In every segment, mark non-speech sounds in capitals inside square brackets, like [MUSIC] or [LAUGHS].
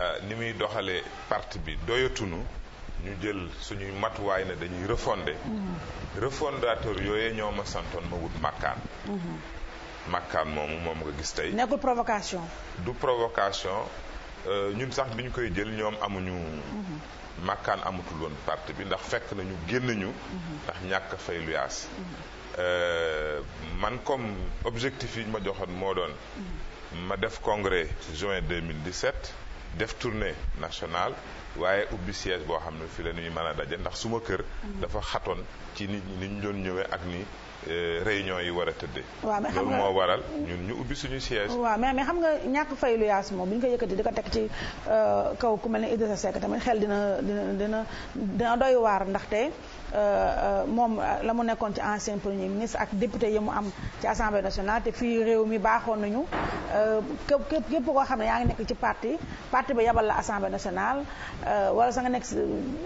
Euh, ni muy doxalee parti bi doyatuñu ñu jël suñuy matuwaay ne dañuy refondé mm-hmm. refondateur yooyee ñoo ma santoon ma wut màkkaan màkkaan mm-hmm. moomu moom nga gis tey nekkul provocation du provocation euh, ñun sax bi ñu koy jël ñoom amuñu màkkaan mm-hmm. amatul woon parti bi ndax fekk nañu génn ñu ndax ñàkk fay luyaas euh, man comme objectif yi ma joxoon moo doon ma def congrès juin 2017 def tournée nationale waaye ubbi siège boo xam ne fi la ñuy mën a daje ndax suma kër. dafa xatoon ci nit ñi ni ñu doon ñëwee ak ni euh, réunion yi war a tëddee. waaw loolu moo waral ñun ñu ubbi suñu siège. waa mais mais xam nga ñàkk fay lu yaas moom bu ñu ko yëkkati di ko teg ci euh, kaw ku mel ne Idrissa Seck tamit xel dina dina dina dina doy waar ndaxte. Euh, euh, moom euh, la mu nekkoon ci ancien premier ministre ak député yi mu am ci assemblée nationale te fii réew mi baaxoon nañu képp képp képp koo xam ne yaa ngi nekk ci parti parti ba yebal la assemblée nationale wala sa nga nekk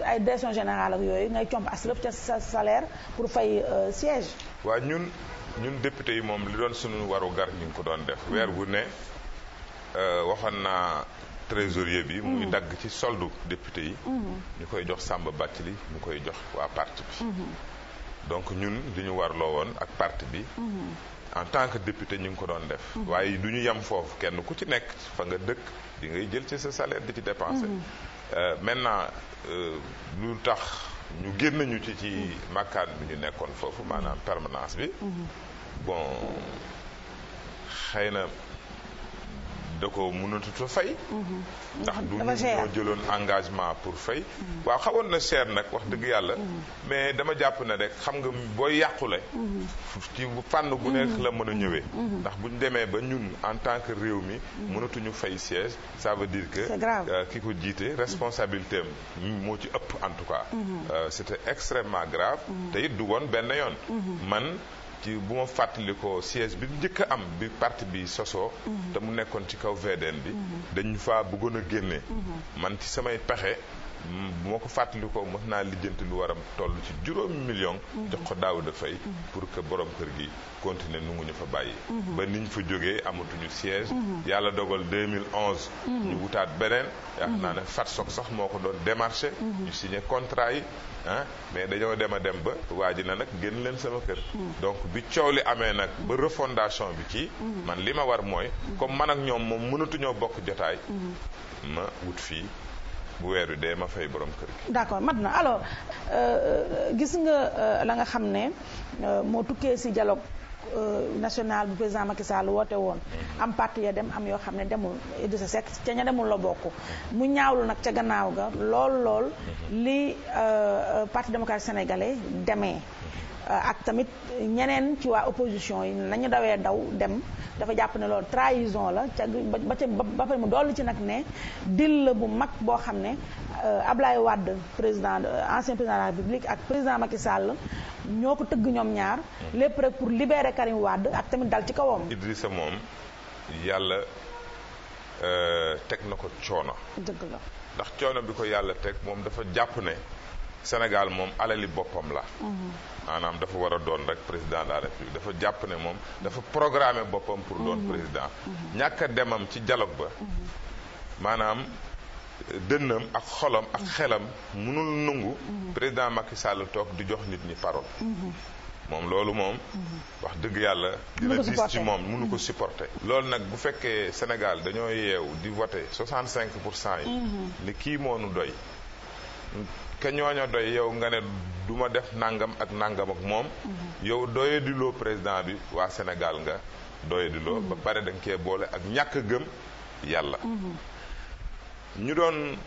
ay direction générale ak yooyu ngay comp aslëf ca sa salaire pour fay siège waaw ñun ñun député yi moom li doon sunu waru gar ñu ngi ko doon def weer gu ne waxoon naa trésorier bi muy mm. dagg ci soldu député yi mm. ñu koy jox Samba Bathily ñu koy jox waa parti bi mm-hmm. donc ñun li ñu warloo woon ak parti bi mm-hmm. en tant que député ñu ngi ko doon def mm-hmm. waaye du ñu yem foofu kenn ku ci nekk fa nga dëkk di ngay jël ci sa salaire di ci dépenser euh, maintenant euh, lu tax ñu génn ñu ci ci màkkaan bi ñu nekkoon foofu maanaam permanence bi bon xëy na da ko mënatut a fay. Mhm. ndax du ñu jëloon engagement pour fay. Mhm. waaw xawoon na seer nag wax dëgg yàlla. Mhm. mais dama jàpp ne rek xam nga booy yàqule. ci fànn gu nekk la mën a ñëwee. ndax buñ ñu demee ba ñun en tant que réew mi. mënatuñu fay siège ça veut dire que. Euh, ki ko jiite responsabilité am moo ci ëpp en tout cas. Euh, c'était extrêmement grave. te it du woon benn yoon. man. ci bu ma fàttalikoo siège bi njëkk a am bi parti bi sosoo mhm. te mu nekkoon ci kaw VDN bi mhm. dañu faa bëggoon a génne mhm. man ci samay pexe bu ma ko fàttalikoo mos naa lijjanti lu waram toll ci juróomi million jox ko daaw Faye pour que borom kër gi continuer nu ngu ñu fa bàyyi ba ñu fa jógee amatuñu siège yàlla dogal 2011 ñu wutaat beneen yaakaar naa ne Fatou Sock sax moo ko doon démarché ñu signé contrat yi ah mais dañoo dem a dem ba waa ji na nag génn leen sama kër donc bi coow li amee nag ba refondation bi kii man li ma war mooy comme man ak ñoom moom mënatuñoo bokk jotaay ma wut fii bu weeru de ma fay borom kër gi. d'accord mat na alors euh, euh, gis nga euh, la nga xam ne moo tukkee ci dialogue Euh, nationale bu président Macky Sall woote woon mm-hmm. am parti ya dem am yoo xam ne demul Idrissa Seck ca ña demul la bokk mm-hmm. mu ñaawlu nag ca gannaaw ga lool lool mm-hmm. li euh, euh, parti démocratique sénégalais deme Euh, ak tamit ñeneen ci waa opposition yi nañu dawee daw dem dafa jàpp ne loolu trahison la ca ba ba pare mu dollu ci nag ne dil la bu mag boo xam ne euh, Ablaye Wade président ancien président de la République ak président Macky sàll ñoo ko tëgg ñoom ñaar lépp rek pour libérer Karim wàdd ak tamit dal ci kawam. Idrissa moom yàlla euh, teg na ko coono. dëgg la ndax coono bi ko yàlla teg moom dafa jàpp ne. Sénégal moom alali boppam la mhm. maanaam dafa war a doon rek président de la dafa jàpp ne moom dafa programmé boppam pour doon mhm. président mhm. ñàkk a demam ci dialogue ba maanaam euh, dënnam ak xolam ak xelam mënul nangu président Macky Sall toog di jox nit ñi parole moom loolu moom wax dëgg yàlla dina gis ci moom mënu ko supporter loolu nag bu fekkee Sénégal dañoo yeew di voté 65 pour cent yi ni kii moonu doy ke ñooña doy yow nga ne duma def nangam ak nangam ak moom mm-hmm. yow doyadiloo président bi waa Sénégal nga doyadiloo mm-hmm. ba pare da nga cee boole ak ñàkk gëm yàlla mm-hmm. ñu doon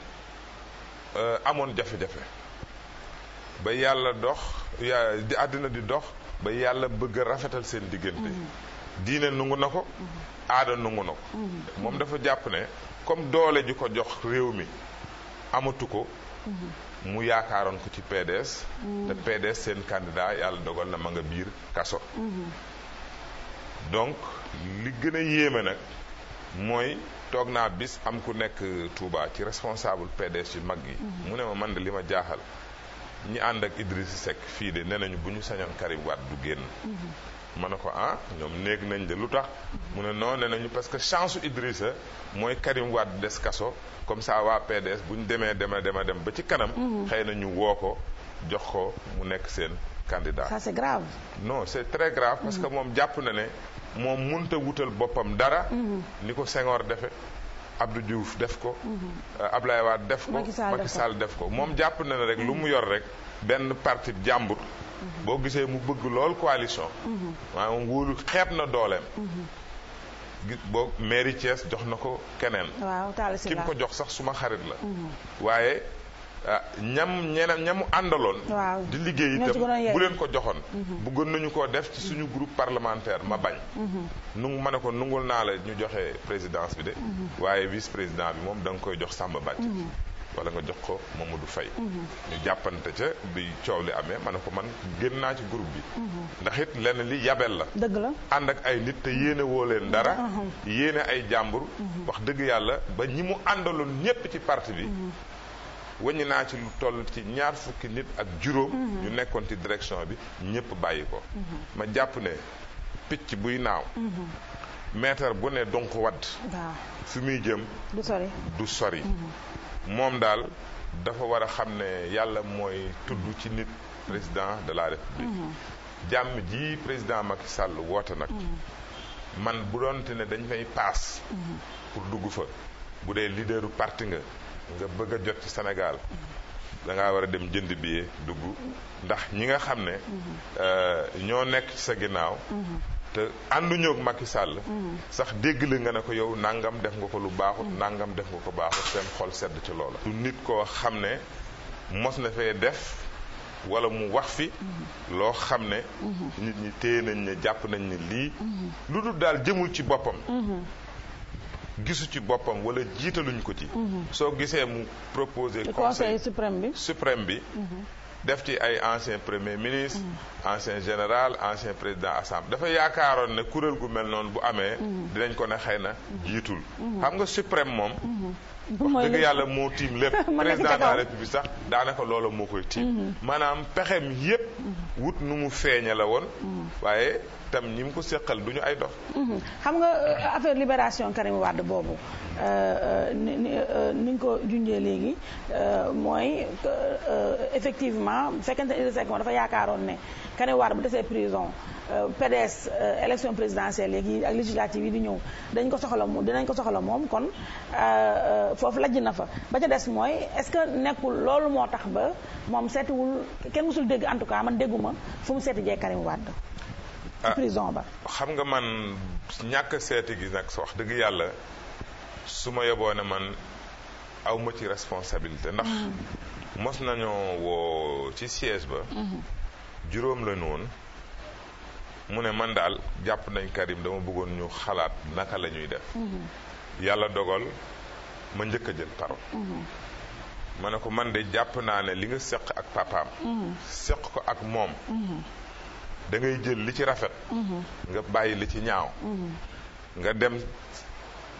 euh, amoon jafe-jafe ba yàlla dox di àddina di dox ba yàlla bëgg rafetal seen diggante diine nungu na ko aada nungu na ko moom dafa jàpp ne comme doole ji ko jox réew mi amatu ko mu yaakaaroon ko ci PDS. Mm-hmm. te PDS seen candidat yàlla dogal na ma nga biir kaso. Mm-hmm. donc li gën a yéeme nag mooy toog naa bis am ku nekk Touba ci responsable PDS yu mag yi. Mm-hmm. mu ne ma man de li ma jaaxal ñi ànd ak Idriss Seck fii de ne nañu bu ñu sañoon Karim Wade du génn. ma ne ko ah, de mu ne parce que chance Idrissa Karim des comme ça waa PDS des, demee dem ba candidat ça c'est grave non c'est très grave parce que mhm. moom jàpp na ne moom munta dara mhm. ni Senghor defe Abdou Diouf def ko. Mhm. Euh, Ablaye Wade def ko Macky def ko moom jàpp na ne rek lu mu yor rek benn parti jàmbur. Mhm. boo gisee mu bëgg lool coalition. Mhm. waaye moom wóolu xeeb na dooleem. gis boo mairie Thiès jox na ko keneen. waaw mu ko jox sax suma xarit la. waaye. Ah, ñam ñeneen ñamu àndaloon. di liggéey itam bu leen ko joxoon. Mhm. bëggoon nañu ko def ci suñu groupe parlementaire ma bañ. Mhm. nu ma ne ko nungul naa la ñu joxe présidence bi de. Mhm. waaye vice président bi moom danga koy jox Samba Bàcc. wala nga jox ko moom du Faye ñu jàppante ca bi coow li amee ma ne ko man génn naa ci groupe bi ndax it lenn li yabel la dëgg la ànd ak ay nit te yéene woo leen dara yéene ay jàmbur wax dëgg yàlla ba ñi mu àndaloon ñépp ci partie bi wëññi naa ci lu toll ci ñaar fukki nit ak juróom. Mhm. ñu nekkoon ci direction bi ñëpp bàyyi ko. Mhm. ma jàpp ne picc buy naaw. mètre mhm. bu ne donc wadd. fi muy jëm. du sori moom daal dafa war a xam ne yàlla mooy tudd ci nit président de la république. jàmm ji président Macky Sall woote nag. man bu doonte ne dañ fay paas. pour dugg fa bu dee leaderu parti nga. nga bëgg a jot ci senegal da war a dem jënd billet dugg ndax ñi nga xam ne euh, ñoo nekk ci sa ginnaaw te ànduñoo mag Macky sàll sax dégg la nga ne ko yow nangam def nga ko lu baaxut nangam def nga ko baaxut seen xol sedd ci loola du nit koo xam ne mos na fee def wala mu wax fi loo xam ne nit ñi téye nañ ne jàpp nañ ne lii lu dul daal jëmul ci boppam gisu ci le wala ko ci. Mhm. mu conseil suprême bi suprême bi. Mhm. def ci ancien premier ministre. Mhm. ancien général ancien président dafa ne kurel gu mel bu dinañ ko xam nga suprême [LAUGHS] président de la république sax koy pexem wut tam ñi mu ko seqal du ñu ay dof mhm. xam nga euh, affaire libération Karim wàdd boobu euh, euh, ni ñu ko junjee léegi mooy effectivement bu fekkente ne Idrissa moom dafa yaakaaroon ne Karim Wade bu defee prison PDS élection présidentielle léegi ak législative yi di ñëw dañ ko soxla moom dinañ ko soxla moom kon foofu lajj na fa ba ca des mooy est-ce que nekkul loolu moo tax ba moom seetiwul kenn musul dégg en tout cas man dégguma fu mu seeti jee Karim Wade Ah, prison xam nga man ñàkk seeti gi nag wax dëgg yàlla su ma yeboo ne man aw ma ci responsabilité ndax. Mm-hmm. mos nañoo woo ci siège ba. Mm-hmm. juróom la woon mu ne man daal jàpp nañ Karim dama bëggoon ñu xalaat naka la ñuy def. Mm-hmm. yàlla dogal ma njëkk a jël parole. ma ne ko man de jàpp naa ne li nga seq ak papaam. seq ko ak moom. da ngay jël li ci rafet. Mhm. nga bàyyi li ci ñaaw. Mhm. nga dem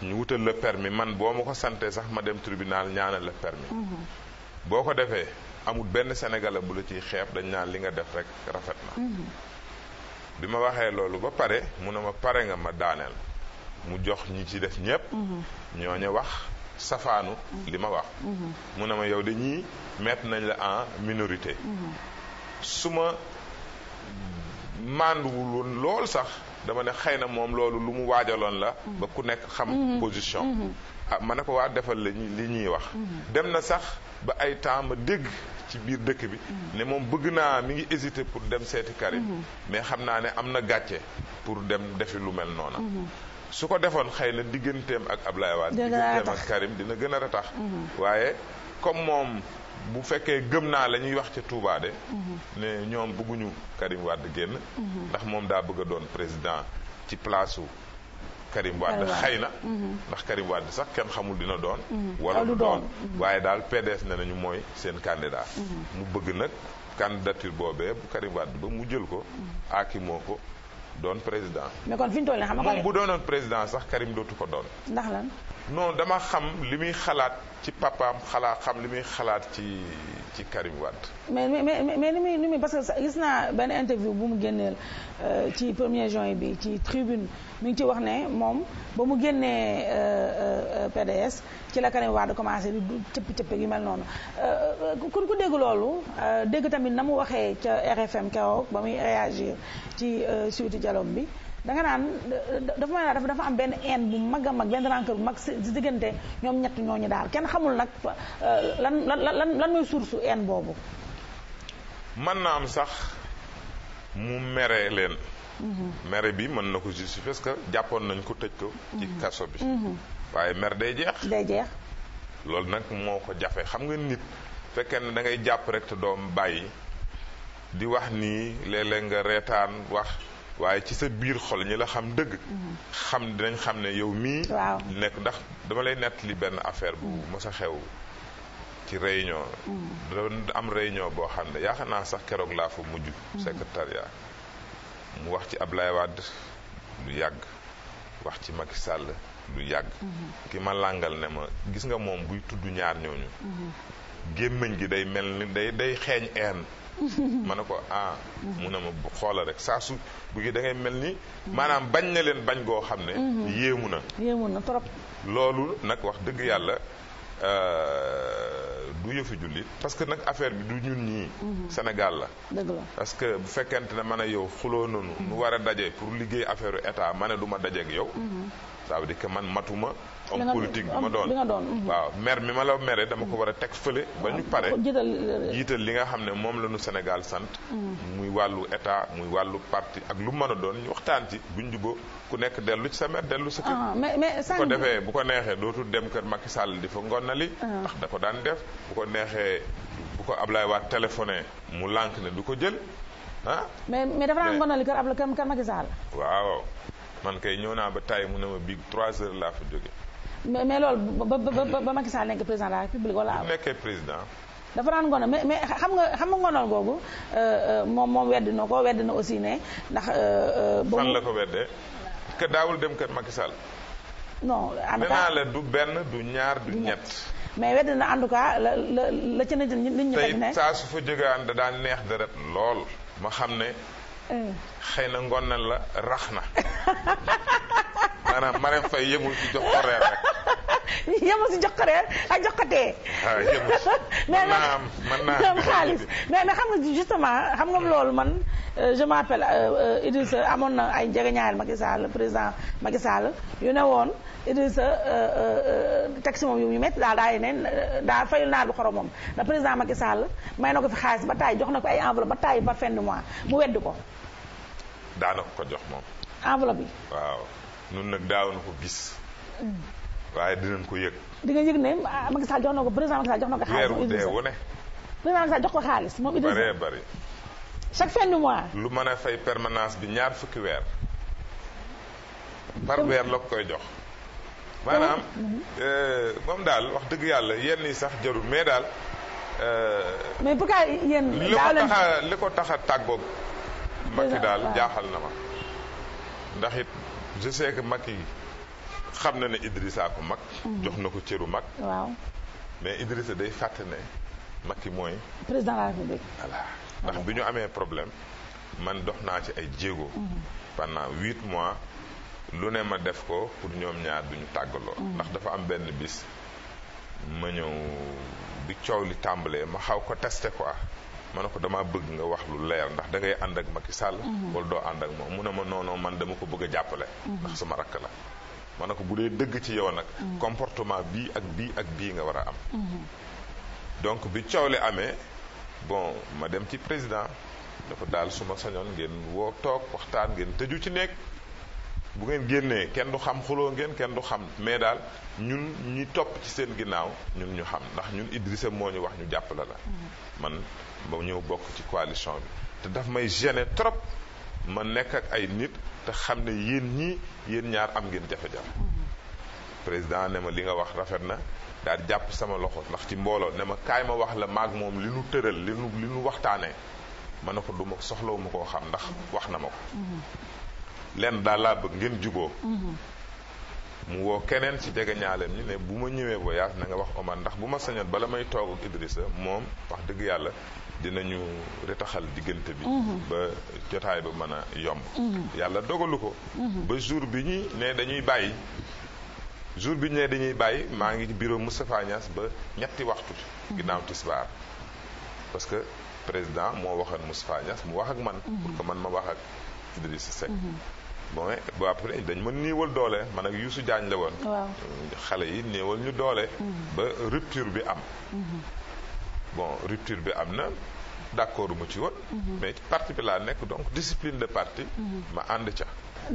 ñu wutal la permis man boo ma ko santee sax ma dem tribunal ñaanal la permis mhm. boo ko defee amul benn sénégalais bu la ciy xeeb dañ naan li nga def rek rafet na. bi ma waxee loolu ba pare mu ne ma pare nga ma daaneel mu jox ñi ci def ñépp. ñooñu wax safaanu li ma wax. mu ne ma yow de ñii mettre nañ la en minorité. su ma mànduwul woon lool sax dama ne xëy na moom loolu lu mu waajaloon la ba ku nekk xam mhm. position mhm. a ah ma ne ko waa defal la li ñuy wax mhm. dem na sax ba ay temps ma dégg ci biir dëkk bi ne moom bëgg naa mi ngi hésité pour dem seeti Karim mais xam naa ne am na gàcce pour dem defi lu mel noona su ko defoon xëy na digganteem ak Ablaye Wade digganteem dina gën a ratax waaye comme moom bu fekkee gëm naa la ñuy wax ca Touba de. Mhm. ne ñoom bëgguñu Karim Wade génn. Mhm. ndax moom daa bëgg a doon président ci place Karim Wade xëy na mhm. ndax Karim Wade sax kenn xamul dina doon wala ah, du doon waaye daal PDS ne nañu mooy seen candidat mu bëgg nag candidature boobee bu Karim Wade ba mu jël ko aaki moo ko doon président mais kon fi ñu xam nga moom bu doonoon président sax Karim dootu ko doon ndax lan non dama xam li muy xalaat ci papaam xalaat xam li muy xalaat ci ci Karim Wade. mais mais mais ni muy ni muy parce que gis naa benn interview bu mu génneel euh, ci premier juin bi ci tribune mi ngi ci wax ne moom ba mu génnee euh, euh, PDS ci la Karim Wade commencé di cëpp cëpp gi mel noonu kun ku dégg loolu dégg tamit na mu waxee ca RFM keroog ba muy réagir ci suite dialogue bi. da nga naan dafa may dafa dafa am benn haine bu mag a mag benn rancœur bu mag si diggante ñoom ñett ñooñu daal kenn xamul nag euh, lan lan lan lan mooy source haine boobu mën na am sax mu mere leen mhm. mere bi mën na ko justifier parce que jàppoon nañ ko tëj ko ci mhm. kaso bi mhm. waaye mer day jeex day jeex loolu nag moo ko jafe xam nga nit fekkee ne da ngay jàpp rek te doom bàyyi di wax nii léeg-léeg nga reetaan wax waaye ci sa biir xol ñi la xam dëgg. Mhm. xam dinañ xam ne yow mii. nekk ndax dama lay nettali benn affaire bu mës mhm. a xew ci réyon mhm. da am réunion boo xam ne yaakaar naa sax keroog laa fa mujj. secrétariat mu wax ci Ablaye Wade lu yàgg wax ci Macky Sall lu yàgg. ki ma làngal ne ma gis nga moom buy tudd ñaar ñooñu. gémmiñ gi day mel ni day day xeeñ een ma ne ko ah. mun ne ma xoola rek saa su bu da mel ni. maanaam bañ na leen bañ goo xam ne. Mhm. yéemu na yéemu na trop. loolu nag wax dëgg yàlla. Euh, du yëfu jullit parce que nag affaire bi du ñun ñii. Mhm. Sénégal la. dëgg la parce que bu fekkente ne man a yow xuloo noonu nu mhm. war a daje pour liggéey affaire état ma ne du ma dajeeg yow. ça veut dire que man matuma homme politique bu ma doon mhm. waaw mer mi ma la mere dama ko war a teg fële ba ñu pare euh, jiital li nga xam ne moom la ñu Sénégal sant mhm. muy wàllu état muy wàllu parti ak lu mën a doon ñu waxtaan ci buñ juboo ku nekk dellu ci sa mer dellu sa kër ah, bu ko defee neexee dootul dem kër Macky Sall di fa ngonnali ah. ndax da ko daan def bu ko neexee bu ko Ablaye Wade téléphoné mu lànk ne du ko jël ah. mais mais dafa ngonnali kër Ablaye kër Macky waaw man kay ñëw naa ba taay mu ne ma bii trois heures laa fa jóge mais mais loolu ba ba ba Macky Sall nekk président de la République nekkee président. dafa daan ngono mais mais xam nga xam nga ngonoon googu euh, euh, moom moom wedd na ko wedd na aussi ne ndax. Euh, fan la ko weddee. que daawul dem kër Macky Sall. non en la du benn du ñaar du ñett. mais wedd na en tout cas la la la ca nit ñi. nit ñi ne tey fa jógee ànd daan neex deret lool ma xam ne. xëy na ngonal la rax na maanaam Marème Faye yemul ci jox ko reer rek. yemul ci jox ko reer ak ah, [LAUGHS] naa [LAUGHS] xaalis mais nag xam nga justement xam nga loolu man euh, je m'appelle euh, euh, Idrissa amoon na ay jegeñaayal Macky Sall président Macky Sall yu ne woon Idrissa taxi moom yu ñu métti daal daa yeneen daa fayul naar bi moom da président Macky Sall may na ko fi xaalis ba taay jox na ko ay enveloppe ba taay ba fin de mois mu weddi ko. daana ko jox moom. enveloppe yi. waaw nun nag daaw na ko gis. Mm. waaye dinañ ko yëg. di nga yëg ne Macky Sall jox ko président Macky Sall jox na ko. xaalis moom Idrissa wu ne. président Macky Sall jox ko xaalis moom Idrissa. chaque fin du mois. lu mën a fay permanence bi ñaar fukki weer. par weer la koy jox. maanaam mm-hmm. Mm-hmm. Euh, moom daal wax dëgg yàlla yenn yi sax jarul mais daal. Euh, mais bu kaa yéen. li ko tax a li ko tax a tàggoog mag Macky daal jaaxal na ma ndax it je sais que Macky xam na ne Idrissa ko mag mhm. jox na ko cëru mag mais Idrissa day fàtte ne Macky mooy la République ndax bi ñu amee problème man dox naa ci ay jéego mhm. pendant huit mois lu ne ma def ko pour ñoom ñaar duñu tàggaloo mhm. ndax dafa am benn bis ma ñëw bi coow li tàmbalee ma xaw ko teste quoi ma ne ko dama bëgg nga wax lu leer ndax da ngay ànd ak Macky Sall mhm. wala doo ànd ak moom mu ne ma noonoo man dama ko bëgg a jàppale mhm. ndax sama rakk la ma ne ko bu dee dëgg ci yow nag mhm. comportement bii ak bii ak bii nga war am donc bi coow amee bon ma dem ci président ne ko daal su sañoon ngeen woo toog waxtaan ngeen tëju ci nekk bu ngeen génnee kenn du xam xuloo ngeen kenn du xam mais daal ñun ñi topp ci seen ginnaaw ñun ñu xam ndax ñun Idrissa moo wax ñu jàppale la man ba ñëw bokk ci coalition bi te dafa may gêner trop ma nekk ak ay nit te xam ne yéen ñii yéen ñaar am ngeen jafe-jafe président ne ma li nga wax rafet na daal jàpp sama loxo ndax ci mbooloo ne ma kaay ma wax la maag moom li nu tëral li nu li nu waxtaanee ma ne ko du ma soxlawu ma koo xam ndax wax na ma ko lenn daal laa bëgg ngeen juboo mu woo keneen ci jege ñaaleem ñi ne bu ma ñëwee voyage na nga wax Omar ndax bu ma sañoon bala may toog ak Idrissa moom wax dëgg yàlla dinañu retaxal diggante bi. Mm-hmm. ba jotaay ba mën a yomb. Mm-hmm. yàlla dogalu ko. Mm-hmm. ba jour bi ñu nee dañuy bàyyi jour bi ñu ne dañuy bàyyi maa ngi ci bureau Moustapha ba ñetti waxtu. ginnaaw tisbaar parce que président moo waxoon Moustapha Niass mu wax ak man. pour ko man ma wax ak Idrissa Seck. bon ba après dañ ma néewal doole man ak Youssou Diagne la woon. xale yi néewal ñu doole. ba rupture bi am. bon rupture bi am na d'accord mu ci woon. Mhm. mais ci parti nekk donc discipline de parti. Mhm. ma ànd ca.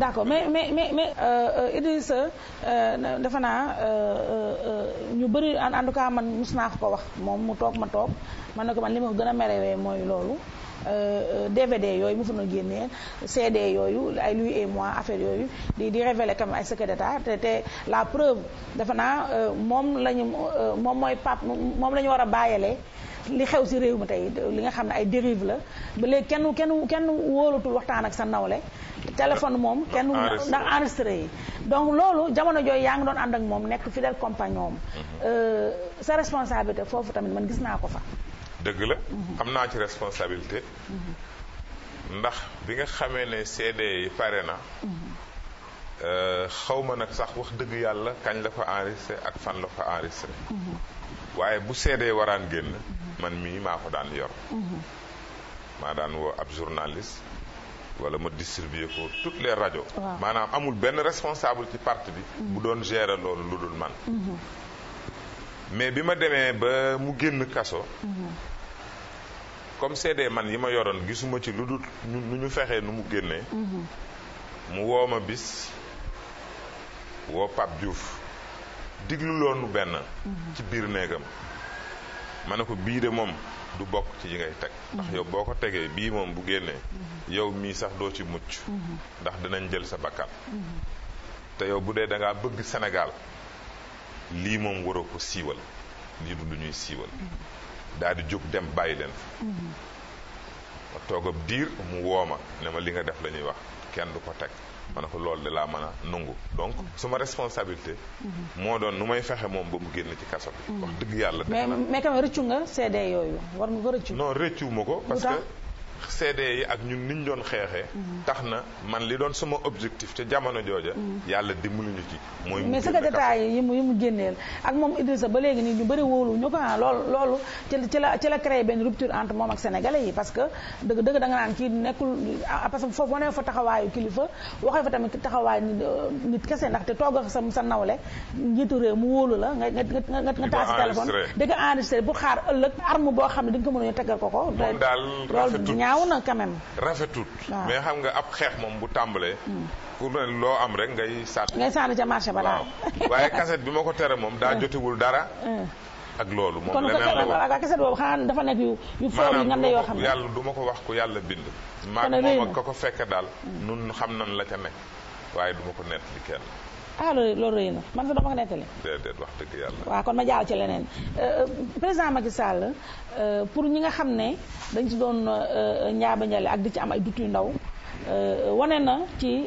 d'accord mais mais mais mais euh, Idrissa euh, defe naa euh, ñu bëri en tout cas man mus naa ko ko wax moom mu toog ma toog man ne ko man li ma gën a merewee mooy loolu. DVD euh, euh, yooyu mu fa na génnee CD yooyu ay lui et moi affaire yooyu di di révéler quand ay secret d'état te te la preuve dafa naa euh, moom lañu moom mooy pap moom la ñu war a bàyyalee li xew si réew mi tey li nga xam ne ay dérive la ba léegi kenn kenn kenn wóolatul waxtaan ak sa nawle téléphone moom kenn ah, ndax enregistré yi donc loolu jamono jooyu yaa ngi doon ànd ak moom nekk fidèle compagnon am mm-hmm. sa responsabilité foofu tamit man gis naa ko fa dëgg la am naa ci responsabilité ndax bi nga xamee ne CD yi pare na xaw ma nag sax wax dëgg yàlla kañ la ko enregistré ak fan la ko enregistré waaye bu CD waraan génn man mii maa ko daan yor maa daan woo ab journaliste wala ma distribuer ko toutes les radios maanaam amul benn responsable ci parti bi bu doon gérer loolu lu dul man mais bi ma demee ba mu génn kaso comme CD man yi ma yoroon gisuma ci lu dul nu ñu fexee nu mu génnee mu woo ma bis woo Pape Diouf diglu loonu benn ci biir néegam ma ne ko bii de moom du bokk ci yi ngay teg ndax yow boo ko tegee bii moom bu génnee yow mii sax doo ci mucc ndax dinañ jël sa bakkan te yow bu dee danga bëgg senegaal lii moom waroo ko siiwal lii du lu ñuy siiwal daal di jóg dem bàyyi leen fa mm-hmm. ma toog ab diir mu woo ma ne ma li nga def la ñuy wax kenn du ko teg ma ne ko loolu de laa mën a nungu donc mm-hmm. su ma responsabilité mm-hmm. moo doon nu may fexe moom ba mu génn ci kaso bi wax dëgg yàlla mais mais quand même rëccu nga seede yooyu war nga ko rëccu non rëccu ma ko parce CD yi ak ñun niñ doon xeexee mhm. tax na man li doon sama objectif ca jamono jooja mhm. yalla dimbali ñu ci moy mais sa détail yi mu yi mu génneel ak mom Idrissa ba légui ni ñu bëri wolu ñu ko ah, lool lool ci ci la ci la créé ben rupture entre mom ak sénégalais yi parce que deug deug da nga naan ki nekkul ah, ah, parce que fofu wane fa taxawayu kilifa waxé fa tamit taxaway nit euh, nit kessé ndaxte té ak sa sa nawlé ñittu réew mu wolu la nga nga nga nga taasi téléphone di nga enregistré bu xaar ëlëk arme bo xamni dañ ko mën a tegal ko ko loolu ñaaw na rafetut mais xam nga ab xeex moom bu tàmbalee. Hmm. pour ne loo am rek ngay sànni. ngay sànni ca marché ba daal waaye cassette bi ma ko tere moom daa hmm. jotewul dara. Hmm. ak loolu moom leneen la yàlla du ko wax ku yàlla bind. maa moom ak ko ko fekke daal. nun xam nan la ca nekk waaye du ma ko nett li kenn. ah loolu rëy na man sax dama ko nettali. déedéet waaw kon ma jàll ci leneen euh, euh, président Macky Sall euh, pour ñi nga xam ne dañ ci doon ñaabañale ak di ci am ay dut yu ndaw wane na ci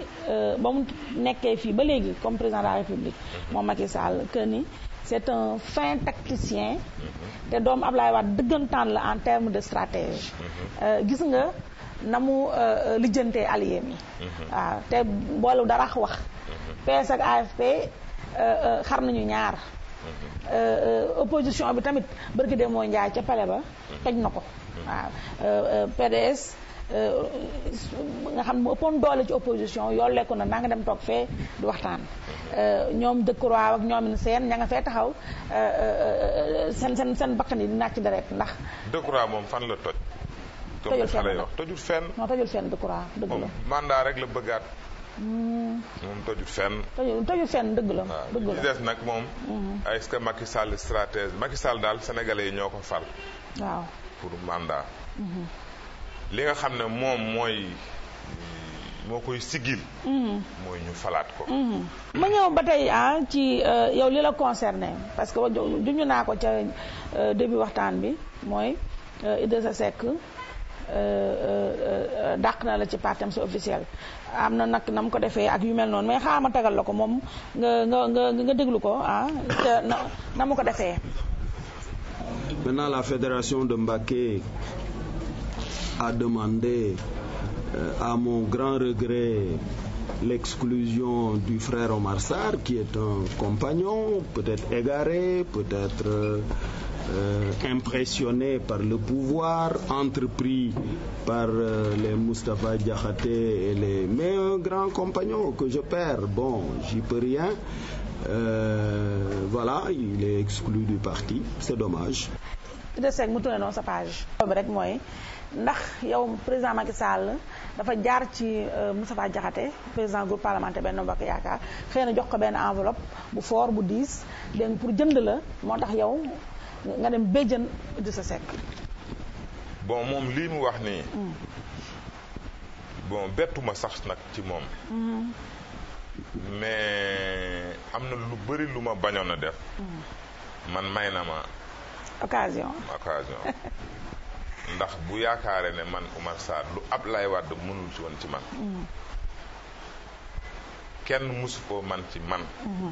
ba mu nekkee fii ba léegi comme président de la République moo Macky Sall que ni c'est un fin tacticien mm-hmm. te doomu Ablaye Wade dëggantaan la en terme de stratégie mm-hmm. gis nga. na mu euh, euh, lijjante allié mi mhm. waaw te boolu dara wax mhm. PS ak AFP euh, xar nañu ñaar mhm. opposition bi tamit bërki de moo njaay ca pale ba toj na ko waaw PDS nga xam ne mu ëppoon doole ci opposition yoo lekku na naa nga dem toog fee di waxtaan ñoom dëkkuraaw ak ñoomin seen ña nga fee taxaw seen seen seen bakkan yi di nàcc deret ndax dëkkuraaw moom fan la toj tojul fenn tojul fenn. non tojul fenn du courant dëgg la mandat rek la bëggaat. Hmm. moom tojul fenn. tojul des nag moom. Hmm. est-ce que Macky Sall stratège Sall daal sénégalais yi ñoo ko fal. waaw pour mandat. Hmm. li nga xam ne moom mooy. moo koy sigil. mooy ñu falaat ko. ma ñëw ba tey ah, ci euh, yow li la concerné parce que junj naa ko ca euh, début waxtaan bi mooy euh, Idrissa Seck. Euh, euh, euh, dàq na la ci partam su officiel am na nag nam ko defee ak yu mel noonu mais xaama tagal la ko moom nga nga nga nga déglu ko ah na na mu ko defee maintenant la fédération de Mbake a demandé à mon grand regret l'exclusion du frère Omar Sarr qui est un compagnon peut-être égaré peut-être euh, impressionné par le pouvoir, entrepris par euh, les Mustafa Diakhaté et les... Mais un grand compagnon que je perds, bon, j'y peux rien. Euh, voilà, il est exclu du parti, c'est dommage. de Seck mu tourné noonu sa page rek ndax yow président Macky Sall dafa jaar ci euh, Moustapha Diakhaté président groupe parlementaire Benno Bokk Yaakaar xëy na jox ko benn enveloppe bu fort bu diis dégg pour jënd la moo tax yow nga dem béjjën Idrissa Seck bon moom lii mu wax nii mm. bon bettuma sax nag ci moom mm-hmm. mais am na lu bari lu ma bañoon a def mm. man may na ma occasion occasion [LAUGHS] ndax bu yaakaare ne man Oumar lu ab lay Wade mënul ci woon ci man mm. kenn musu ko man ci man mm-hmm.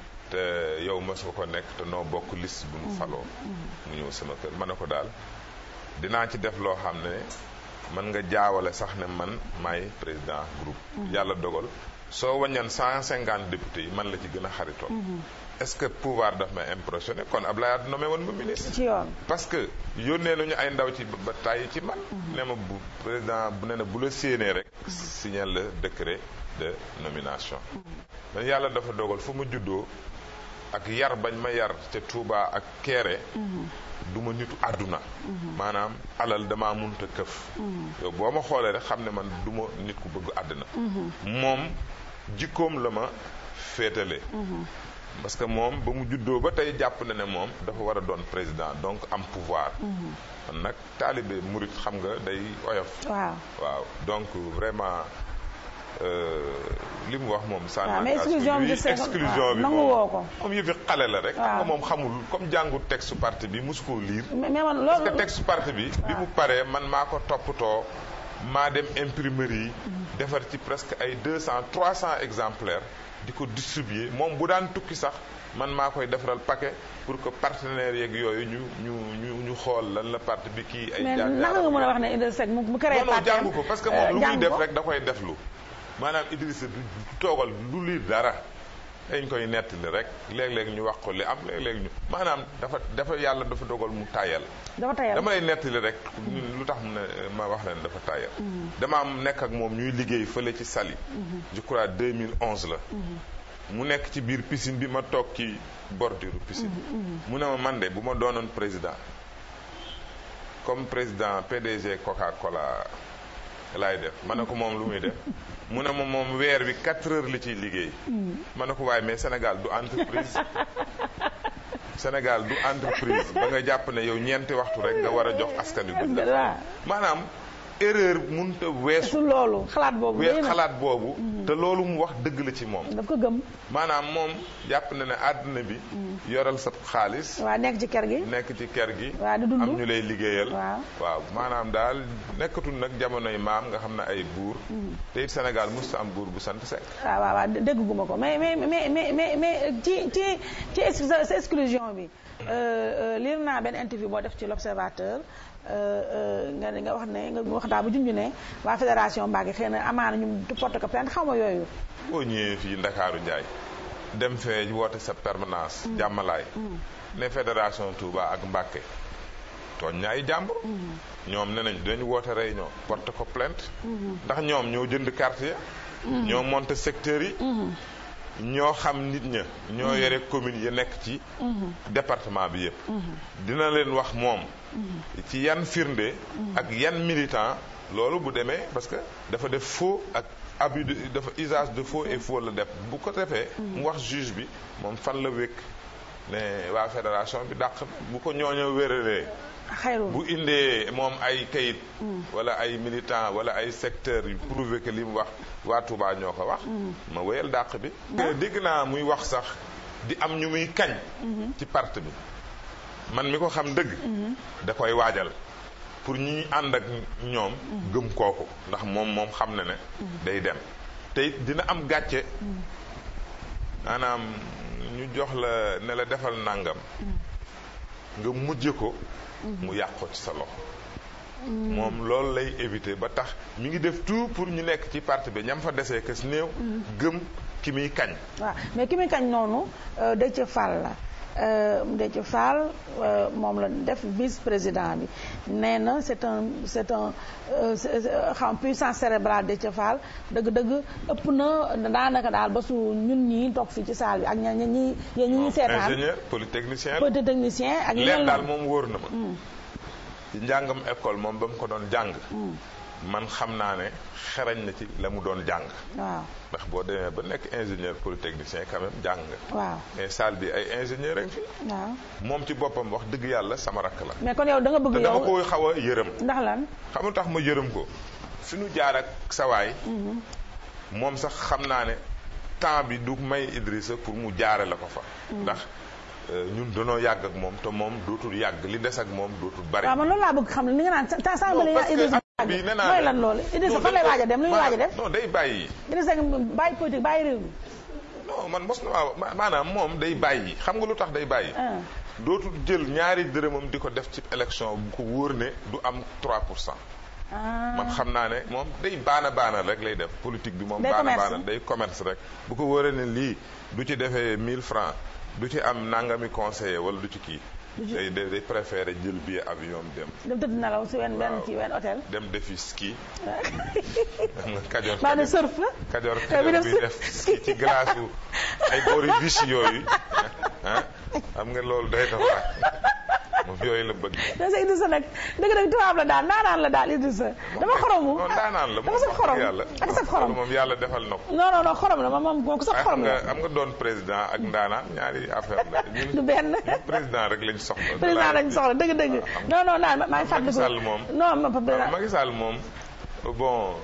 te yow mosoo ko nekk te noo bokk liste bu mu mm. faloo mm. mu ñëw sama kër ma ne ko daal dinaa ci def loo xam ne mën nga jaawale sax ne man maay président groupe mm. yàlla dogal soo waññoon cent cinquante députés yi man la ci gën a xaritoo mm-hmm. est-ce que pouvoir daf ma impressionné kon ab Wade nommé woon ma ministre ci yoon parce que yónnee nañu ay ndaw ci ba tàyyi ci man mm-hmm. ne ma bu président bu ne na bu la séenee rek mm-hmm. signé le décret de nomination man yàlla dafa dogal fu ma juddoo ak yar bañ ma yar ca Touba ak Kéré mhm. du ma nitu àdduna mhm. maanaam alal damaa munta këf mhm. yow boo ma xoolee rek xam ne man du ma nit ku bëgg àdduna moom jikkoom la ma féetale parce que moom ba mu juddoo ba tey jàpp na ne moom dafa war a doon président donc am pouvoir kon nag taalibe murit xam nga day oyof waaw donc vraiment Euh, li mu wax moom. waaw mais exclusion bi exclusion ah, bi moom comme yëfi xale la rek. xam nga moom xamul comme jàngu texte parti bi mosu koo lire. mais man loolu parce que texte parti bi. bi mu paree man maa ko toppatoo maa dem imprimerie. Mm-hmm. defar ci presque ay 200 300 exemplaires. di ko distribuer moom bu daan tukki sax man maa koy defaral paquet pour que partenaire yeeg yooyu ñu ñu ñu ñu xool lan la parti bi kii. ay jaar mais naka nga mën a wax ne Idrissa mu créé parti ko parce que moom euh, lu muy def rek da koy def maanaam Idrissa du toogal lu lii dara dañ koy nettali rek léeg-léeg ñu wax ko li am léeg-léeg ñu maanaam dafa dafa yàlla dafa dogal mu tayal dafa tayal dama lay nettali rek lu tax mu ne ma wax leen dafa tayal mm-hmm. dama am nekk ak moom ñuy liggéey fële ci Saly mm-hmm. je mille 2011 la mm-hmm. mu nekk ci biir piscine bi ma toog ci bordure piscine mu ne ma man de bu ma doonoon président comme président PDG koka kola laay def ma ne ko moom lu muy def [LAUGHS] mu ne ma moom weer bi quatre heures la ciy liggéey. Hmm. ma ne ko waaye mais Sénégal du entreprise. Sénégal du entreprise ba nga jàpp ne yow ñeenti waxtu rek nga war a jox askan wi. maanaam. erreur mënut a weesu. loolu xalaat boobu xalaat boobu. Mm-hmm. te loolu mu wax dëgg la ci moom. daf ko gëm. maanaam moom jàpp na ne àdduna bi. Mm. yoral sa xaalis. waaw nekk ci ker gi. nekk ci ker gi. waaw di dund am ñu lay liggéeyal. waaw maanaam daal nekkatul nag jamonoy maam nga xam ne ay buur. Mm-hmm. te it Sénégal buur bu sant Seck. waaw waaw dégguma ko mais mais mais mais mais ci ci ci exclusion bi. Mm. Euh, euh, liir naa benn interview boo def ci l'observateur nga nga wax ne nga wax daal bu junj ne waa fédération Mbacké xëy na amaana ñu porte ko plainte xaw ma yooyu. boo ñëwee fii Ndakaaru Ndiaye dem fee woote sa permanence. Mm. jàmmalaay. Mm. ne fédération Touba ak Mbacké tooñ ñaay jàmbur. Mm. ñoom ne nañ dañu woote réunion porte ko plainte. ndax ñoom ñoo jënd carte ya. ñoo monté secteurs yi. ñoo xam nit ña ñoo yore mm-hmm. communes yi nekk ci mm-hmm. département bi yëpp mm-hmm. dina leen wax moom ci yan firnde ak yan militant loolu bu demee parce que dafa def faux ak abus de dafa usage de faux et faux la def bu ko defee mu wax juge bi moom fan la wékk ne waa fédération bi dàq bu ko ñooñu wéralee bu indee moom ay kayit mm. wala ay militant wala ay secteur yu prouvé que li mu wax waa tuubaa ñoo ko wax mm. ma wéyal dàq bi ah. dégg naa muy wax sax di am ñu muy kañ mm-hmm. ci part bi man mi ko xam dëgg mm-hmm. da koy waajal pour ñi ànd ak ñoom mm. gëm kooku ndax moom moom xam ne ne mm-hmm. day dem te dina am gàcce maanaam ñu jox la ne la defal nàngam nga mujj ko Mhm. mu yàqoo ci sa loxo mhm. moom loolu lay éviter ba tax mu ngi def tout pour ñu nekk ci parti bi ñam fa desee kës néew mhm. gëm ki muy kañ waaw mais ki muy kañ noonu euh, Déthié Fall la Euh, Déthié Fall euh, moom la def vice-président bi nee na c'est un c'est un euh, xam puissance cérébrale Déthié Fall dëgg-dëgg ëpp na daanaka daal ba su ñun ñii toog fii ci saal bi ak ña ñi ñi ñu ñu seetaan ingénieur polytechnicien polytechnicien ak leen daal moom wóor na ma mm. njàngam école moom ba mu ko doon jàng mm. man xam naa ne xerañ na ci la mu doon jàng. waaw ndax boo demee ba nekk ingénieur polytechnicien quand même jàng waaw mais salle bi ay ingénieur rek moom ci boppam wax dëgg yàlla sama rakk la. mais kon yow da nga bëgg yow dama ko xaw a yërëm. ndax lan xam nga tax ma yërëm ko fi nu sawaay. moom sax xam naa ne temps bi du may Idrissa pour mu jaare la ko fa. ndax ñun danoo yàgg ak moom te moom dootul yàgg li des ak moom dootul bari. waaw man loolu laa bëgg xam li nga naan temps sànq. bi nee naa mooy lan loolu Idrissa fan lay waaj a dem lu ñuy waaj a def non day bàyyi Idrissa bàyyi politique bàyyi réew mi non man mos na maanaam moom day bàyyi xam nga lu tax day bàyyi ah. dootul jël ñaari dërëmam di ko def ci élection bu ko wóor ne du am trois pour cent ah. man xam naa ne moom day baana baana rek lay def politique bi moom baana baana day commerce rek bu ko wóoree ne lii du ci defee mille francs du ci am nangami conseiller wala du ci kii day day préféré jël billet avion dem. dem tëdd nalaw si wenn benn wenn hôtel. dem defi ski. [LAUGHS] kajoor maanaam surf la. kajoor kajoor bi def ski ci glace ay góor yu yooyu [LAUGHS] ah, ah. nga loolu day doon [LAUGHS] moom yooyu la bëgg. da [LAUGHS] sa Idrissa nag dëgg dëgg tubaab la daal naanaan la daal Idrissa la moom yàlla xorom moom yàlla defal na ko. non non xorom la moom moom kooku ah, xorom la. am nga doon président ak ndaanaan ñaari affaire la. [LAUGHS] du benn président rek [LAUGHS] dëgg dëgg. Ah, non non naan maa ngi fàttaliku. moom non ah, Macky Sall moom bon.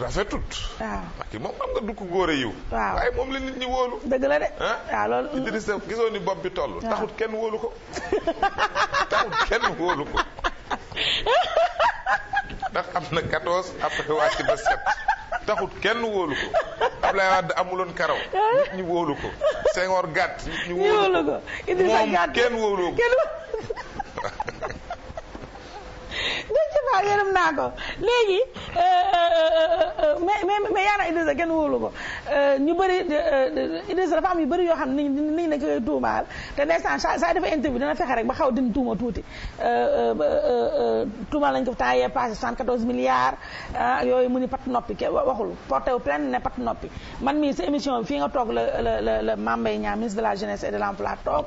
rafetut. waaw ak moom xam nga dugg góor a yiw. waaw waaye moom la nit ñi wóolu. dëgg la de waaw loolu. Idrissa gisoo ni bopp bi toll. taxut kenn wóolu ko [LAUGHS] taxut kenn wóolu ko am na 14 après wàcc ba 7 taxut kenn wóolu ko Ablaye Wade amuloon karaw ñi wóolu ko Senghor gàtt ñi wóolu ko moom kenn wóolu ko. waaw yërëm naa ko léegi euh, euh, euh, mais mais mais yaa na Idrissa kenn wóolu ko ñu bëri Idrissa dafa am yu bëri yoo xam ne ni niñ dañ koy tuumaal te ndeysaan saa saa dafa interview dana fexe rek ba xaw din tuuma tuuti tuumaal lañ ko temps yee passé 74 milliards ah, yooyu mu ni pat noppi ke waxul porté wu plainte ne pat noppi man mii sa émission fii nga toog la la la la Mame Mbaye Niang de la jeunesse et de l'emploi toog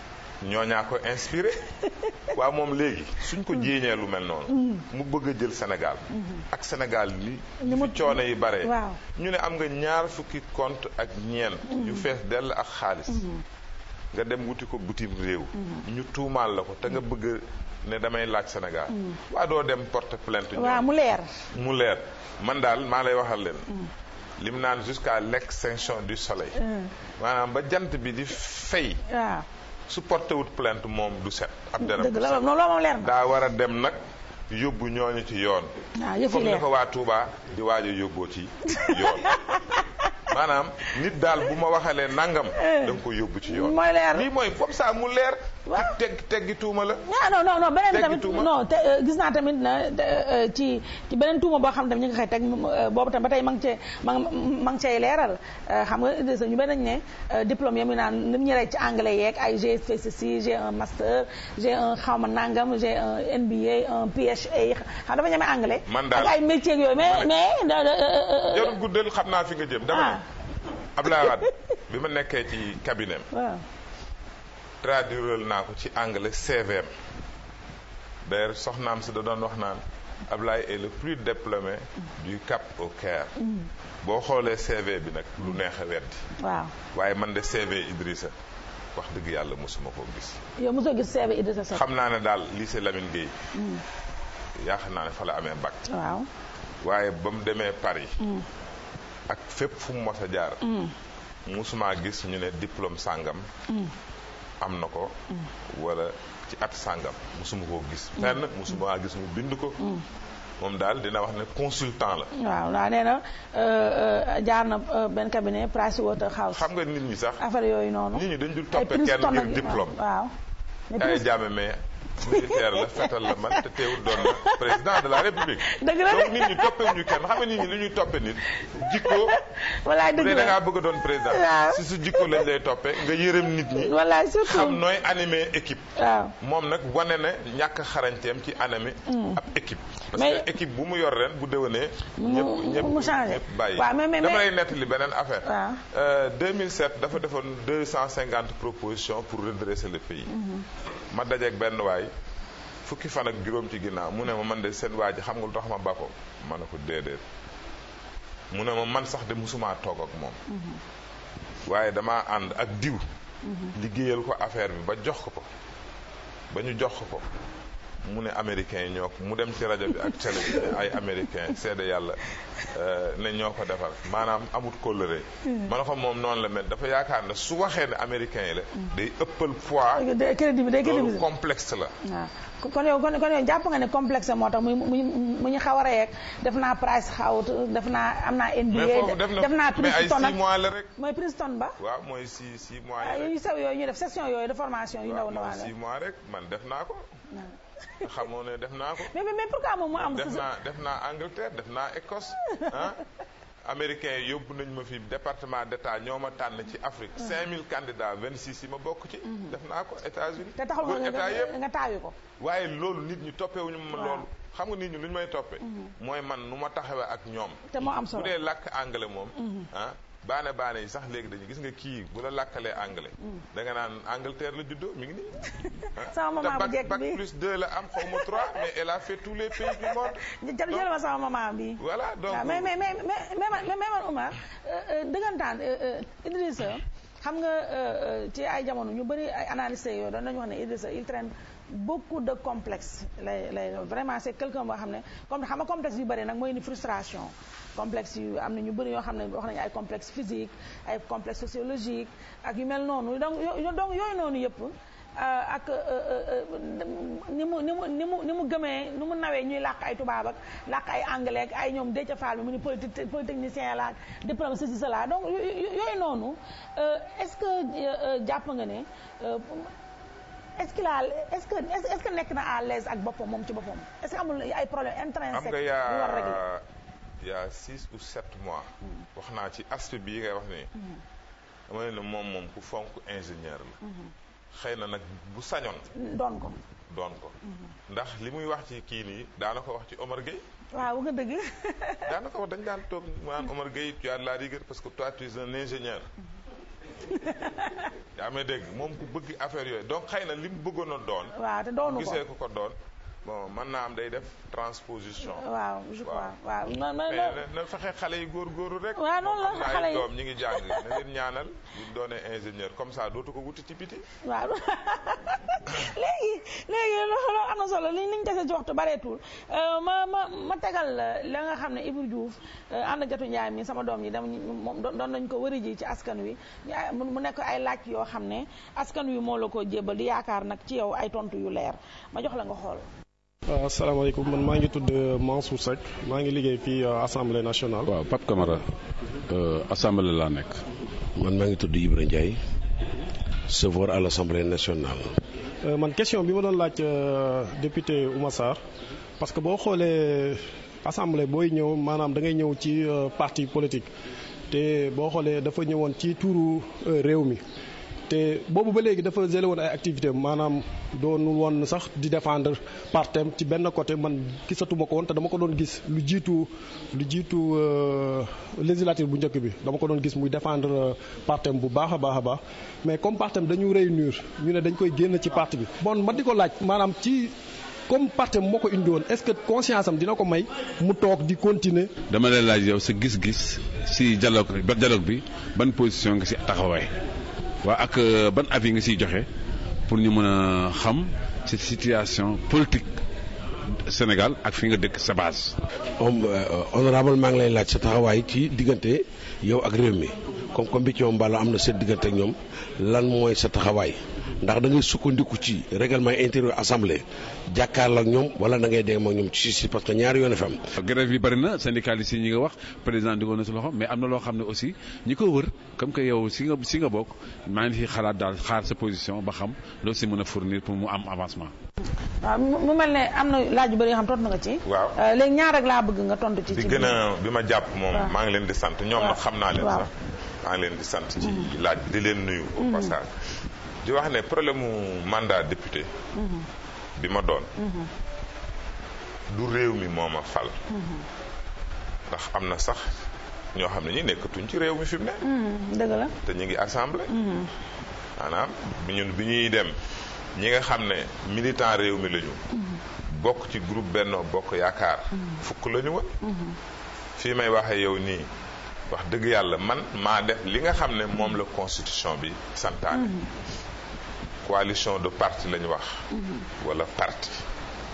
ñooñaa ko inspiré [LAUGHS] waaw moom léegi suñ ko jéeñee lu mel noonu mm-hmm. mu bëgg jël Sénégal mm-hmm. ak Sénégal li fi coono yi bare ñu ne am nga ñaar fukki compte ak ñeent mm-hmm. yu fees dell ak xaalis nga dem wuti ko bitim réew ñu tuumaal la ko te nga bëgg ne damay laaj Sénégal waa doo dem porte plainte waaw mu leer mu leer man daal maa lay waxal leen lim naan jusqu'à l'extinction du soleil maanaam ba jant bi di fay su porté wut plainte moom du set. ab dara dëgg la non loolu moom leer na. daa war a dem nag yóbbu ñooñu ci yoon. waaw ah, yëf yi leer waa Touba di waaj a yóbboo ci yoon. [LAUGHS] maanaam nit daal bu ma waxalee nangam. da nga koy mooy leer lii mooy comme ça mu leer. waaw teg teggi tuuma la. Ah, non non non beneen tamit non te euh, gis naa tamit na euh, ci ci beneen tuuma boo xam ne ñu ngi koy teg euh, boobu tam ba tey ma ngi cee ma ma ngi cay leeral xam nga sa ñu beneen ne diplôme yam naan ni mu ñu ci anglais yeeg ay j'ai fait un master j'ai un ma nangam j'ai un MBA un PhD xam dafa man daal ak ay métiers yooyu mais mais. jarul guddal xam naa fi nga jëm dama ah. Abdoulaye Wade bi ma nekkee ci cabinet am traduiral naa ko ci anglais CVM d'ailleurs soxnaam si da doon wax naan Ablaye est le plus diplômé du Cap au Caire. Mm. boo xoolee CV bi nag lu neex a weddi. waaw waaye man de CV Idrissa wax dëgg yàlla mosuma koo gis. yow mosoo gis CV Idrissa Seck. xam naa ne daal lycée Lamine Gueye. Mm. yaa xam naa ne fa amee bac. waaw waaye ba mu demee Paris. Mm. ak fépp fu mu mos a jaar mm. musuma gis ñu ne diplôme sàngam mm. am na ko mm. wala ci at sàngam musuma koo gis fenn musuma gis ñu bind ko moom daal dina wax ne consultant la waaw naa nee na euh, euh, jaar na euh, benn cabinet PricewaterhouseCoopers xam nga nit ñi sax affaire yooyu noonu nit ñi dañ dul toppee kenn ngir diplôme waaw ay jaame mais militaire la fetal la man te teewul doon na président de la république. dëgg la donc nit ñi toppee ñu kenn xam nit ñi lu ñuy toppee nit. jikko. walaay dëgg la da ngaa bëgg a doon président. si su jikko lañ lay toppee nga yërëm nit ñi. walaay surtout nooy animé équipe. moom nag wane na ñàkk xarañteem ci animé. Mm. ab équipe. parce que équipe bu mu yor ren bu déwénee. ñëpp ñëpp mu changé bàyyi. waaw mais mais dama lay nettali beneen affaire. waaw 2007 euh, dafa defoon 250 propositions pour redresser le pays. Mm-hmm. ma dajeek benn waay fukki fan ak juróom ci ginnaaw mu ne ma man de seen waa ji xam nga lu tax ma ba ko ma ne ko déedéet mu ne ma man sax de mosumaa toog ak moom mm-hmm. waaye dama ànd ak diw mm-hmm. liggéeyal ko affaire bi ba jox ko ko ba ñu jox ko ko mu ne américain yi ñoo ko mu dem ci rajo bi ak télé bi ne ay américain seede yàlla euh, ne ñoo ko defar maanaam amut kóllëre hmm. ma ne moom noonu la mel dafa yaakaar ne su waxee ne américain yi la hmm. day ëppal poids loolu complexe la waaw ah. kon yow kon yow jàpp nga ne complexe moo tax mu mu ñu xaw a reyeeg naa price xawut def naa am naa NBA def naa prise tonne mais ay 6 mois la mooy prise tonne ba mois yi ah, rek yooyu ñu def section yooyu de formation yu ndaw mois rek man def naa ko ah. xamoo ne def naa ko. mais mais pourquoi moom mu am. def naa def naa Angleterre def naa Écosse ah. américains yi yóbbu nañu ma fi département d'état ñoo ma tànn ci Afrique. 5000 vingt 26 yi ma bokk ci. Mm-hmm. def naa ko États-Unis te taxul nga nga ko. waaye loolu nit ñi toppewuñu ma loolu. xam nga nit ñi lu ñu may toppee. Mm-hmm. mooy man nu ma taxawee ak ñoom. te moo am solo bu dee làkk anglais moom. Mm-hmm. baane baane yi sax léegi dañu gis nga kii bu la làkkalee anglais. Mm. da nga naan Angleterre la juddoo mi ngi nii. [LAUGHS] sama maman bu jekk bi bac plus deux la am xaw ma trois mais elle a les pays du monde. [LAUGHS] jël ma sama maman bi. voilà donc mais mais mais mais mais Oumar euh, euh, euh, xam nga ci ay jamono ñu bari ay analystes yooyu doon nañu wax ne Idrissa il traîne beaucoup de complexes lay lay vraiment c'est quelqu'un boo xam ne comme xam nga yu bëri nag mooy ni frustration complexe yu am na ñu bëri yoo xam ne wax nañu ay complexe physique ay complexe sociologique ak yu mel noonu donc donc yooyu noonu yëpp euh, ak euh, euh, ni mu ni mu ni mu ni mu gëmee ni mu nawee ñuy làkk ay tubaab ak làkk ay anglais ay ñoom Déthié Fall bi mu ni politique polytechnicien la diplôme ceci cela donc yooyu noonu est-ce que jàpp nga ne est-ce qu'il a ce que nekk na à l'aise ak boppam moom ci boppam est-ce que amul ay problème intrinsèque. am nga yaa il y a six ou sept mois. wax naa ci aspect bii ngay wax nii. dama ne moom moom ku fonk ingénieur la. xëy na nag bu sañoon. doon ko. doon ko. ndax li muy wax ci kii nii daana ko wax ci Omar Gueye. waaw nga dëgg. daana ko wax dañ daan toog maanaam Omar Gueye tu as la rigueur parce que toi tu es un ingénieur. [LAUGHS] yaa amee dégg moom ku bëgg affaire yooyu donc xëy na li mu bëggoon doon. waaw te doonu ko gisee ko ko doon. bon mën naa am day def transposition. waaw je crois waaw man na fexe xale yi góorgóorlu rek. waaw noonu la xale yi doom ngi jàng na leen ñaanal. bu ingénieur comme ça dootu ko wuti ci biti. waaw [LAUGHS] léegi léegi loolu am na solo li ñu dese ci waxtu bareetul euh, ma ma ma tegal la nga xam ne Ibou Diouf ànd euh, jatu Njaay mi sama doom yi dama moom doon nañu ko wëri ji ci askan wi mu nekk ay laaj yoo xam ne askan wi moo la ko jébal di yaakaar nag ci yow ay tontu yu leer ma jox la nga xool. waaw euh, asalaamaaleykum man maa ngi tudd euh, Mansour Seck maa ngi liggéey fii euh, assemblée nationale. waaw Pape Camara assemblée laa nekk. man maa ngi tudd Ibra Ndiaye voir à l' assemblée nationale. man question bi ma doon laaj député Oumar Sarr parce que boo xoolee assemblée booy ñëw maanaam da ngay ñëw ci parti politique te boo xoolee dafa ñëwoon ci tuuru réew mi te boobu ba léegi dafa ay activité maanaam sax di défendre partem ci benn côté man gisatuma ko woon te gis lu jiitu lu jiitu euh, législative bu njëkk bi dama ko gis muy défendre euh, partem bu baax a baax mais comme partem dañu réunir ñu ne dañ koy génn ci parti bi bon ma di comme parti est-ce que conscience am dina ko may mu di continuer. dama laaj yow gis-gis si dialogue dialogue bi ban position nga waa ak euh, ban avis nga siy joxe pour ñu mën a xam ci situation politique Sénégal ak fi nga dëkk sa base. Euh, honorable maa ngi lay laaj sa taxawaay ci diggante yow ak réew mi comme comme bi ci mbala am na sa diggante ak ñoom lan mooy sa taxawaay. ndax da sukkandiku ci règlement intérieur assemblée jàkkaarloo ak ñoom wala da ngay dem ak ñoom ci si parce que ñaari yoon fa am. grève bi bëri na syndicaliste yi ñi nga wax président di na si loxo am na xam ne aussi ñi ko wër que yow si nga si nga bokk maa ngi fi xalaat daal xaar sa position ba xam loo si mën a fournir pour mu am avancement. waaw mu mel ne am na laaj yu bëri yoo waaw euh, ñaar laa bëgg nga tontu ci. gën a bi ma jàpp moom maa ngi leen di sant ñoom nag xam naa leen sax maa ngi leen di sant ci laaj di leen nuyu au mm-hmm. di wax ne problème mu mandat député. Mhm. bi ma doon. Mhm. du réew mi moom ma fal. Mhm. ndax am na sax ñoo xam ne ñi nekkatuñ ci réew mi fi mu ne. te ñu ngi assemblée. maanaam ñun bi ñuy dem ñi nga xam ne militant réew mi lañu. bokk ci groupe Benno Bokk Yaakaar. fukk lañu woon. fii may waxee yow nii. wax dëgg yàlla man maa def li nga xam ne moom la constitution bi santaane coalition de parti la ñu wax. Mhm. wala parti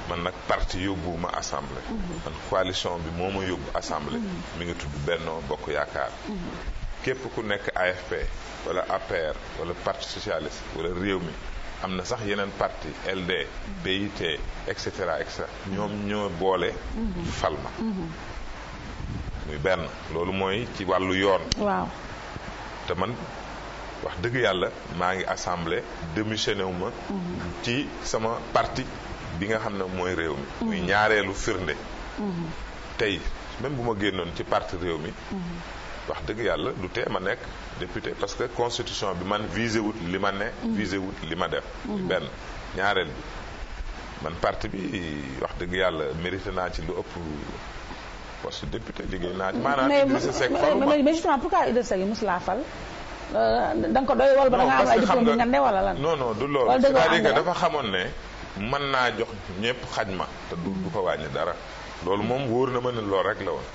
man nag parti yóbbuwuma assemblée. Mhm. man coalition bi moo ma yóbbu assemblée. mu mhm. ngi tudd Benno Bokk Yaakaar. képp ku nekk AFP wala APR wala parti socialiste wala réew mi. am na sax yeneen parti LD PIT et cetera et cetera ñoom ñoo boole falma muy benn loolu mooy ci wàllu yoon waaw te man wax dëgg yàlla maa ngi assemblée démissionné wu ma. ci sama parti bi nga xam ne mooy réew mi. muy ñaareelu firnde. tey même bu ma génnoon ci parti réew mi. wax dëgg yàlla lu tee ma nekk député parce que constitution bi man visé wut li ma ne. visé wut li ma def. benn ñaareel bi man parti bi wax dëgg yàlla mérité naa ci lu ëpp poste député liggéey naa ci. maanaam Idrissa Seck falu ma mais mais justement pourquoi Idrissa Seck mosul laa fal. Euh, da nga ko doy wal ba da nga am ay diplôme bi nga ne wala lan. non du loolu cest à dafa xamoon ne mën naa jox ñëpp xaj ma te du ko fa wàññi dara loolu moom wóor na ma ne loolu rek la woon.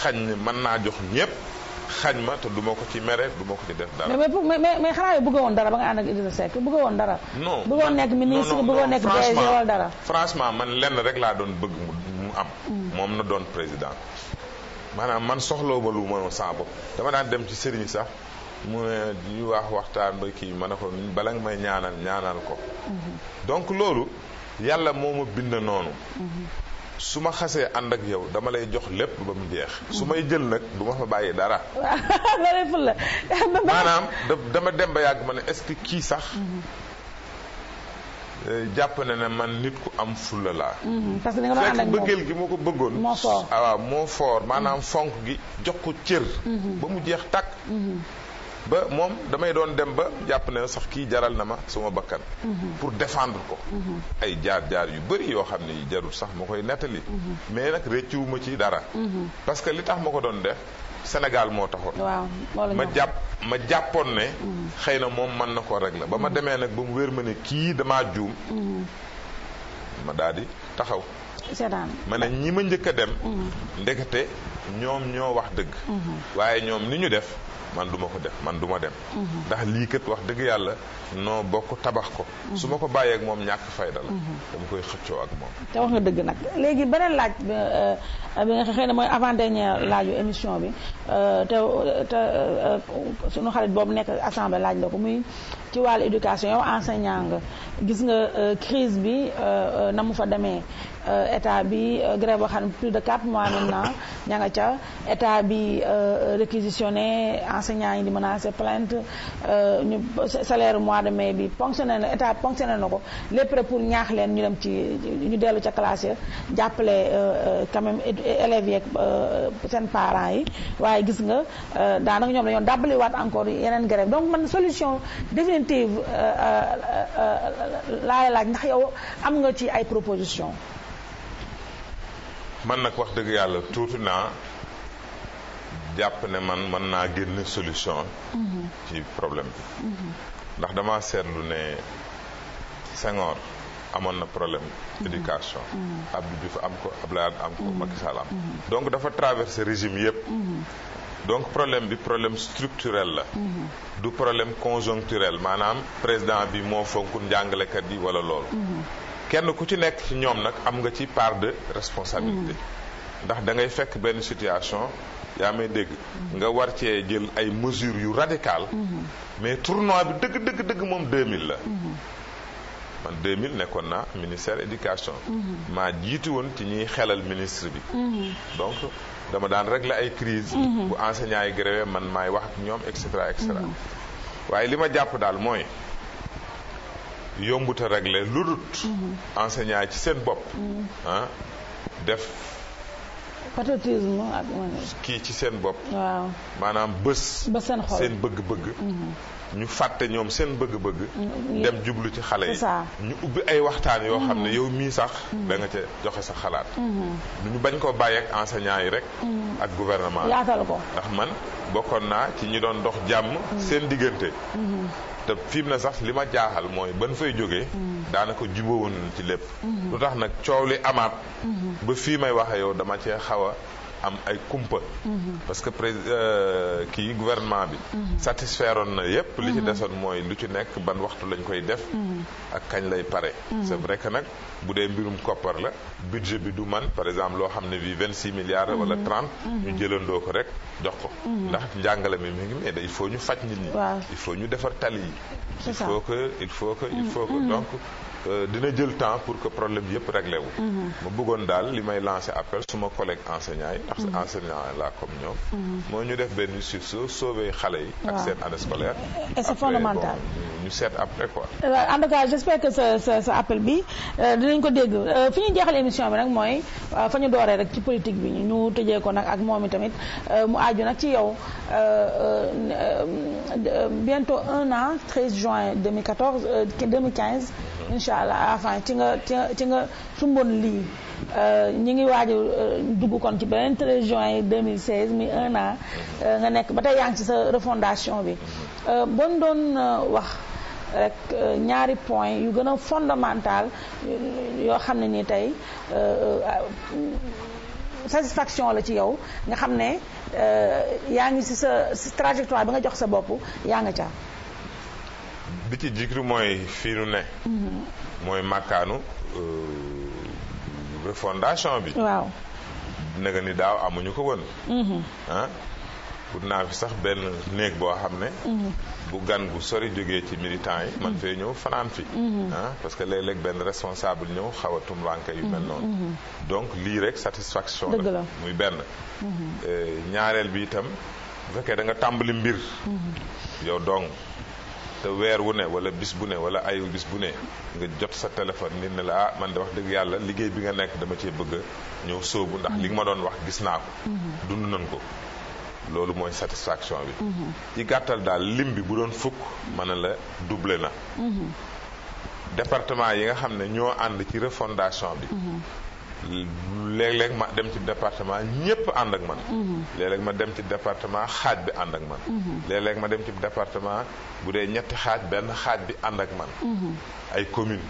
xaj ma mën naa jox ñëpp xaj ma te du ci mere du ma ci def dara. dara ba nga ànd ak Idrissa Seck bëggoon dara. no bëggoon nekk ministre bëggoon nekk DG dara. franchement man lenn rek laa doon bëgg mu am. Mm. moom na doon président maanaam man soxlawuma lu ma dama daan dem ci sëriñ sax. mu ne di wax waxtaan ba kii ma ne ko bala nga may ñaanal ñaanal ko mhm. donc loolu yàlla moo ma bind noonu mhm. su ma xasee ànd ak yow dama lay jox lépp ba mu jeex su may jël nag du ma fa bàyyi dara [LAUGHS] [LAUGHS] maanaam dama dem ba yàgg ma ne est kii sax mhm. eh, jàpp na ne man nit ku am fulla laa fekk bëggeel gi moo ko bëggoon ah, waaw moo foor maanaam fonk gi jox ko cër ba mu jeex takk ba moom damay doon dem ba jàpp ne sax kii jaral na ma suma bakkan mhm. pour défendre ko mhm. ay jaar-jaar yu bëri yoo xam ne yi jarul sax ma koy nettali mhm. mais nag réccuwuma ci dara parce que li tax ma ko doon def Sénégal moo taxoon ma jàpp ma jàppoon ne xëy na moom mën na koo régler ba ma demee nag ba mu wér ma ne kii damaa juum ma daal di taxaw ma ne ñi ma njëkk a dem ndekete ñoom ñoo wax dëgg waaye ñoom ni ñu def man du ma ko def man du ma dem mhm. ndax lii kat wax dëgg yàlla noo bokk tabax ko mhm. su ma ko bàyyee ak moom ñàkk fayda la mhm. dama koy xëccoo ak moom te wax nga dëgg nag léegi beneen laaj bi euh, nga xëy na mooy avant dernière laaju émission bi euh, te te euh, suñu xarit boobu nekk assemblée laaj la ko muy ci wàllu éducation yow enseignant nga gis nga crise bi na mu fa demee Euh, état bi euh, grève boo xam ne plus de quatre mois maintenant ña nga ca état bi euh, réquisitionné enseignants yi di menacé plainte ñu salaire mois de mai bi ponctionné na état ponctionné na ko lépp rek pour ñaax leen ñu dem ci ñu dellu ca classe ya jàppale quand même élèves yeeg seen parents yi waaye gis nga daanaka ñoom dañoo dàbbaliwaat encore yeneen grève donc man solution définitive laay laaj ndax yow am nga ci ay proposition man nak wax deug yalla tuuti naa jàpp ne man man na génn solution ci problème bi ndax dama seetlu ne Senghor amoon na problème éducation Abdou Diouf am ko Abdoulaye am ko Macky Sall am donc dafa traverser régime yëpp donc problème bi problème structurel la du problème conjoncturel maanaam président bi moo fonk njàngalekat yi wala loolu kenn ku ci nekk ci ñoom nag am nga ci part de responsabilité mm. ndax dangay fekk benn situation yaa may dégg mm. nga war cee jël ay mesures yu radicales mm-hmm. mais tournoi bi dëgg dëgg dëgg moom 2000 la mm-hmm. man 2000 nekkoon naa ministère éducation mm-hmm. maa jiitu woon ci ñuy xelal ministre bi donc dama daan régler ay crise bu enseignants yi grévé man maay wax ak ñoom et cetera waaye li ma jàpp daal mooy yombute a régler lu dut mm-hmm. enseignant ci seen bopp mm-hmm. ah def patriotisme ak kii ci seen bopp maanaam bés seen xol bëgg-bëgg mm-hmm. ñu fàtte ñoom seen bëgg-bëgg dem jublu ci xale yi ñu ubbi ay waxtaan yoo xam ne yow mii sax da nga ca joxe sa xalaat ñu bañ koo bàyyi ak yi rek ak gouvernement yaatal ko ndax man bokkoon naa ci ñu doon dox jàmm seen diggante te fi mu ne sax li ma jaaxal mooy ban fay jógee. daanaka jubóowuñ ci lépp. Mm-hmm. lu tax nag coow li amaat. Mm-hmm. ba fii may waxe yow dama cee xaw a am ay kumpa. Mm-hmm. parce que prés euh, kii gouvernement bi. satisfaire na yépp li ci desoon mooy lu ci nekk ban waxtu lañ koy def. ak kañ lay pare. c'est vrai nag. bu dee mbirum koppar la budget bi du man par exemple loo xam ne bii 26 milliards wala 30, mhm. mhm. ñu jëlandoo ko rek jox ko mhm. ndax njàngale mi mais il faut ñu faj nit ñi il faut ñu defar tali yi il faut que il faut que il faut que donc euh, dina jël temps pour que problème yépp réglé wu ma bëggoon daal li may lancé appel suma collègue enseignant yi ndax enseignant la comme ñoom moo ñu def benn sauver xale yi ak seen année scolaire et c'est fondamental ñu seet après quoi euh, en tout cas j'espère que ce ce appel bi euh, dinañ ko dégg euh, fi ñuy jeexal émission bi nag mooy euh, fa ñu dooree rek ci politique bi ñu tëjee kon nag ak moom itamit euh, mu aaju nag ci yow bientôt un an 13 juin 2014 2015. incha allah enfin ci nga ci nga ci nga sumboon lii ñi ngi waaj dugg kon ci beneen 13 juin 2016 mi un an nga nekk ba tey yaa ci sa refondation bi bon doon wax. rek euh, ñaari point yu gën a fondamental euh, yoo xam ne ni tey euh, satisfaction la ci yow nga xam ne yaa ngi ci sa trajectoire bi nga jox sa bopp yaa nga ca bi ci jikru mooy fii ne mm-hmm. mooy màkkaanu refondation bi waaw nega ni daaw amuñu ko woon mm-hmm. ah naa fi sax benn néeg boo xam ne mm-hmm. bu gan gu sori jógee ci militant yi man fee ñëw fanaan fi mhm. ah parce que léeg-léeg benn responsable ñëw xaw a tumlanke yu mel mhm. noonu mhm. donc lii rek satisfaction la muy benn eh, ñaareel bi itam bu fekkee da nga tàmbali mbir yow donc te weer wu ne wala bis bu ne wala ayu bis bu ne nga jot sa téléphone nit ne la ah man de wax dëgg yàlla liggéey bi nga nekk dama cee bëgg ñëw soobu ndax li nga ma doon wax gis naa ko dund nañ ko loolu mooy satisfaction bi. Mhm. ci gàttal daal lim la doublé na. Mhm. département yi nga xam ci refondation bi. Mhm. ma département ak man. ma dem département man. département ñetti man. ay commune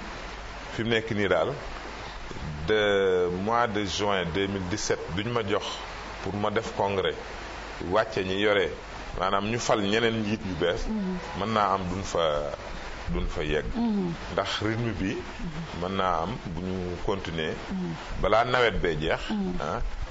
mois de juin 2017 duñ pour ma congrès. wàcce ñi yore maanaam ñu fal ñeneen njiit yu bees mm-hmm. mën naa am duñ fa duñ fa yegg mm-hmm. ndax rythme bi mm-hmm. mën naa am bu ñu continuer balaa nawet bee jeex ah,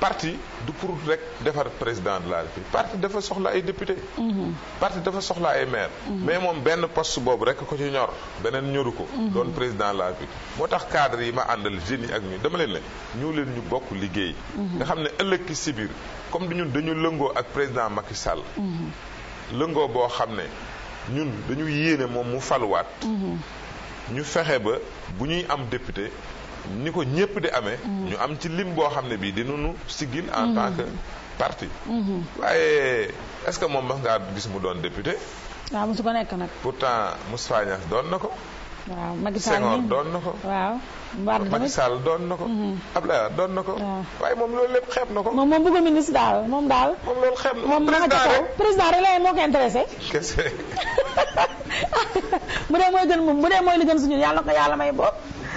parti du pour rek defar président de la République parti dafa soxla ay député mhm. parti dafa soxla ay maire mhm. mais moom benn poste boobu rek ko ci ñor beneen ñoru ko mhm. doon président de la République moo tax cadre yi ma àndal jeunes yi ak ñuy dama leen ñu leen ñu bokk liggéey nga xam ne ëllëg ki si comme du ñun dañu lëngoo ak président Macky Sall lëngoo boo xam ne ñun dañu yéene moom mu faluwaat ñu fexe ba bu ñuy am député ni ko ñëpp di amee mm-hmm. ñu am ci lim boo xam ne bii dinunu siggil en mm-hmm. tant que parti mm-hmm. waaye est-ce que moom mas ngaa gis mu doon député waaw mosu ko nekk nag pourtant mu Niass doon na ko waaw Macky Sall doon na ko waaw Macky Sall doon na ko Abdoulaye Wade doon na ko waaye moom loolu lépp xeeb na ko moom moom bëgg ministre daal moom daal moom loolu xeeb na président rek lay moo ko intéressé kese mu [LAUGHS] dee mooy gën moom mu dee mooy li gën suñu yàlla ko yàlla may bopp [LAUGHS]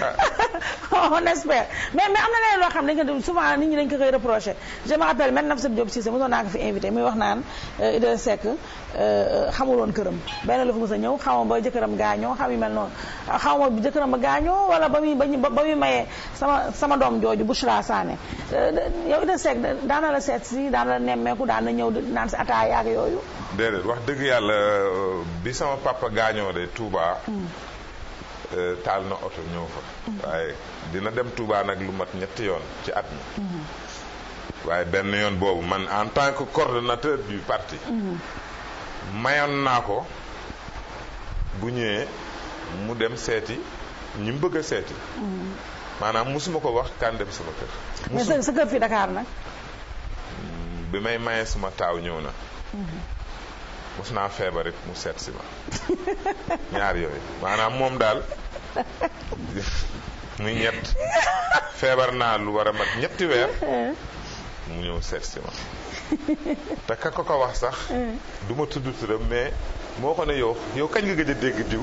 on espère mais mais am na leneen loo xam ne dañ ko souvent nit ñi dañ ko koy reproché je me rappelle même Nafsa Diop Cissé mosoon naa ko fi invité muy wax naan euh, Idrissa Seck euh, euh, xamul woon këram benn la fa mos a ñëw xawma ba jëkkëram gaañoo xam yu mel noonu xawma ba jëkkëram gaañoo wala ba muy ba muy mayee sama sama doom jooju Bouchra Sané yow Idrissa Seck daana la seet si daana la nemmeeku daan na ñëw naan si ataaya ak yooyu déedéet wax dëgg yàlla bi sama papa gaañoo de Touba hmm. Euh, taal na oto ñëw fa waaye dina dem Touba nag lu mat ñetti yoon ci at mi mhm. waaye benn yoon boobu man en tant que coordonnateur du parti mhm. mayoon naa ko bu ñëwee mu dem seeti ñu mu bëgg a seeti mhm. maanaam musuma ko wax kan dem sama kër mais sa kër fi Dakar nag mm, bi may maye suma taaw ñëw na mos naa feebar it mu seet si ma ñaar yooyu maanaam moom daal muy ñett feebar naa lu war a mat ñetti weer mu ñëw seet ma te ka ko ko wax sax du ma tudd turam mais moo ko ne yow yow kañ nga gëj a dégg diw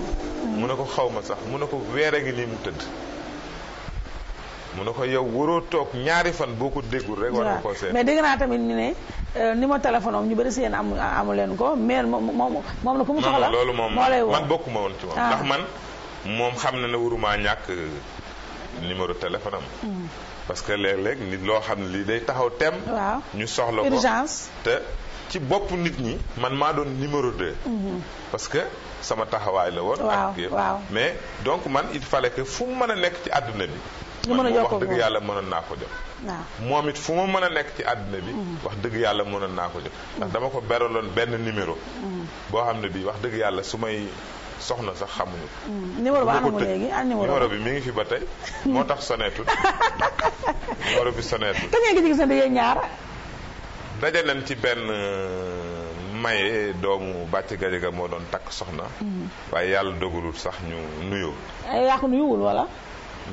mu ne ko xaw ma sax mun ne ko weer a ngi nii mu tëdd mu ne ko yow waroo toog ñaari fan boo ko déggul rek. war nga ko seet mais dégg naa tamit ñu ne euh, numéro téléphone am ñu bëri si yéen amu amu leen ko mais moom moom moom la ku mu soxla. loolu moom man bokkuma woon ci moom. Ah. ndax man moom xam na ne waruma ñàkk euh, numéro téléphone am. Hmm. parce que léeg-léeg nit loo xam ne lii day taxaw tem. waaw ñu soxla ko urgence te. ci bopp nit ñi man maa doon numéro de hmm. parce que sama taxawaay la woon. ak mais donc man il fallait que fu mën a nekk ci àdduna bi. ñu mën a jokkoo wax dëgg yàlla mënoon naa ko jot moom it fu ma mën a nekk ci àddina bi mm-hmm. wax dëgg yàlla mënoon naa ko jot ndax dama ko beraloon benn numéro mm-hmm. boo xam ne bii wax dëgg yàlla su may soxna sax xamuñu mm-hmm. numéro ba anamu léegi an ah, bi mu ngi fi ba tey moo tax soneetul [LAUGHS] numéro bi soneetul kañ ngeen gis ne yéen ñaar daje ci benn euh, maye doomu bàcc gajaga moo doon takk soxna waaye yàlla dogalul sax ñu nuyoo yaa ko nuyuwul wala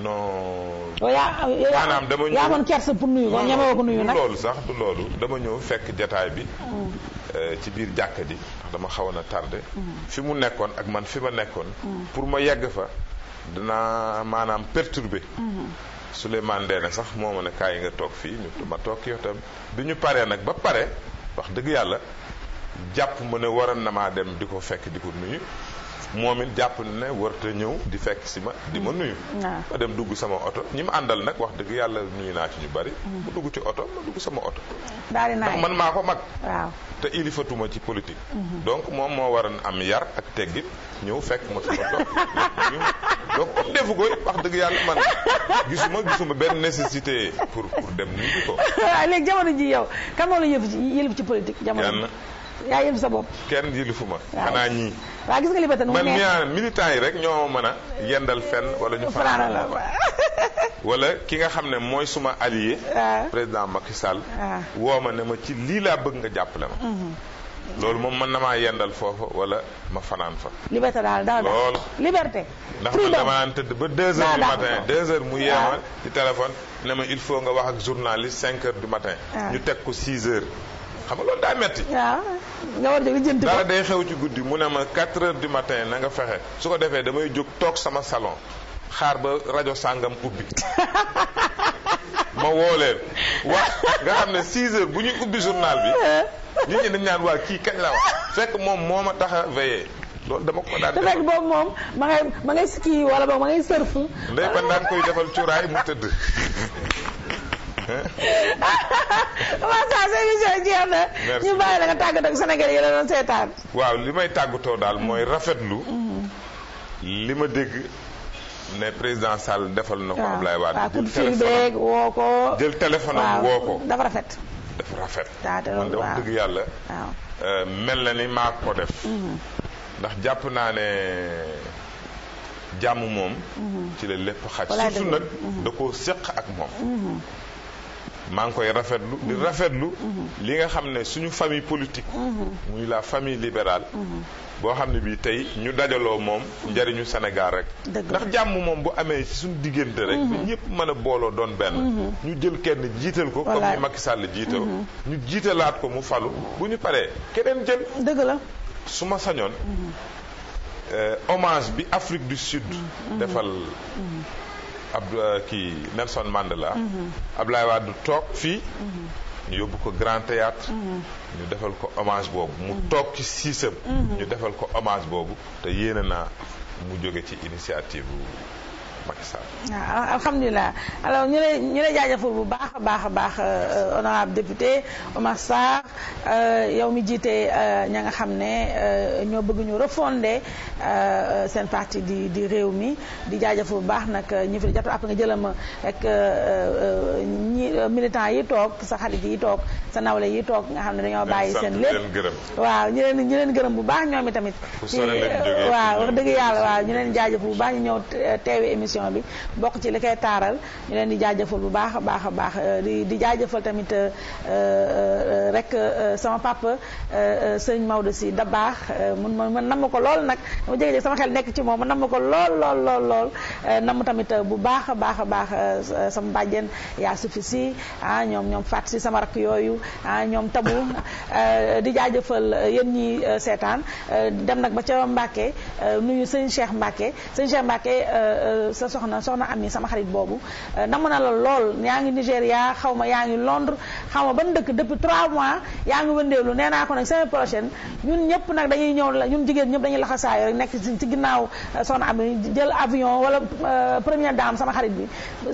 non. maanaam dama ñëw yaa amoon pour nuyu ko ñemewoo ko nuyu nag loolu sax du loolu dama ñëw fekk jataay bi. Oh. Euh, ci biir jàkka ji dama xawoon a tardé. Mm. fi mu nekkoon ak man fi ma nekkoon. Mm. pour ma yegg fa dana maanaam perturbé. Mm-hmm. Souleymane Ndéné sax moo ma ne kaay nga toog fii ñu ma toog yow tam bi ñu paree nag ba pare wax dëgg yàlla jàpp ma ne waroon na maa dem di ko fekk di ko nuyu. moom it jàpp na ne warta ñëw di fekk si ma di ma nuyu ma dem dugg sama oto ñi ma àndal nag wax dëgg yàlla nuyu naa ci ñu bari mm-hmm. mu dugg ci oto ma dugg sama oto ndax man maa ko mag te ilifatuma ci politique mm-hmm. donc moom moo waroon am yar ak teggin ñëw fekk ma sama toog [LAUGHS] donc comme defu ko wax dëgg yàlla man gisuma gisuma benn nécessité pour pour dem nuyu ko [LAUGHS] waaw léegi jamono ji yow kan la yëf ci yëlëb ci politique jamono yaa yem sa bopp. kenn fu ma. xanaa ñii. waaw gis nga li nu mu neex man yi rek ñoo mën a yendal fenn wala ñu fanaan la wala ki nga xam ne mooy suma allié. président Macky Sall. woo ma ne ma ci lii laa bëgg nga jàppale ma. Mhm. loolu moom mën na maa yendal foofa wala ma fanaan fa. liberté daal daal loolu. liberté. ndax man dama naan tëdd ba 2 heures du matin 2 heures mu yeema ci téléphone ne ma il faut nga wax ak journaliste 5 heures du matin. ñu teg ko 6 heures. xam nga loolu daa metti waaw nga a day xew ci guddi mu ne ma 4 heures du matin na nga fexe su ko defee damay jóg toog sama salon xaar ba rajo sàngam ubbi [LAUGHS] ma woo leen nga xam ne 6 heures bu ñuy ubbi journal bi nit ñi dañ waa kii kañ laaw wax fekk moom moo ma tax a veillé loolu dama ko daan defal boobu moom ma ngay ma ngay ski wala boog ma ngay surf. ndey ba daan koy defal cuuraay mu tëdd. [LAUGHS] macha allah émission jeex na. ñu bàyyi la nga tàggatoo ak Sénégal yi la doon seetaan. waaw li may tàggatoo daal mooy mm-hmm. rafetlu. Mm-hmm. li ma dégg ne président Sall defal na ko. Ablaye Wade jël téléphone woo ko. jël téléphone woo ko. dafa rafet. dafa rafet. man de wax dëgg yàlla. Eh, mel na ni maa ko def. Mm-hmm. ndax jàpp naa ne jàmm moom. ci la lépp xaj. surtout nag da koo seq ak moom. maa ngi koy rafetlu di mm-hmm. rafetlu mm-hmm. li nga xam ne suñu famille politique mm-hmm. muy la famille libérale boo xam ne bii tey ñu dajaloo moom njariñu Sénégal rek ndax jàmm moom bu amee ci suñu diggante rek ñëpp mën a booloo doon benn ñu jël kenn jiital ko comme ni Macky Sall jiital ñu jiitalaat ko mu falu bu ñu paree keneen jël dëgg la su ma sañoon euh, hommage bi Afrique du Sud defal ab euh, kii Nelson Mandela. Mhm. Ablaye du toog fii. Mhm. ñu yóbbu ko Grand Théâtre mhm. ñu defal ko hommage boobu. mu toog ci siisam. ñu defal ko hommage boobu te yéene naa mu jóge ci initiative Pakistan. waaw ah, alhamdulilah alors ñu lay ñu lay bu baax a baax a baax euh, honorable député Omar Sarr euh, yow mi jiite euh, ña nga xam ne ñoo bëgg ñu refondé seen parti di di réew mi di jaajëfal bu baax nag ñi fi jàpp après nga jëlama ak ñi militants yi toog sa xarit yi toog sa nawle yi toog nga xam ne dañoo bàyyi seen lépp waaw ñu leen ñu leen gërëm bu baax ñoom i tamit wax dëgg yàlla waaw ñu leen jaajëfal bu baax ñu ñëw teewe émission émission bi bokk ci li koy taaral ñu leen di jaajëfal bu baax a baax a baax euh, di di jaajëfal tamit euh, euh, rek sama papa sëñ Maodo si da baax mun ma man namm ko lool nag dama jége-jége sama xel nekk ci moom ma namm ko lool lool lool lool tamit bu baax a baax a baax sama bàjjen yaa sufi si ah ñoom ñoom fàtt si sama rakk yooyu ah ñoom tabu [LAUGHS] di jaajëfal yéen ñi seetaan dem nag ba ca Mbàkke nuyu sëñ Cheikh Mbàkke sëñ Cheikh Mbàkke sa soxna soxna am ni sama xarit boobu euh, namm na la lool yaa ngi Nigéria xaw ma yaa ngi Londres xaw ma ban dëkk depuis 3 mois yaa ngi wëndeelu nee naa ko prochaine ñun ñëpp nag dañuy ñëw la ñun jigéen ñëpp dañuy laxasaayo nekk ci ginnaaw euh, soxna am jël avion wala euh, première dame sama xarit bi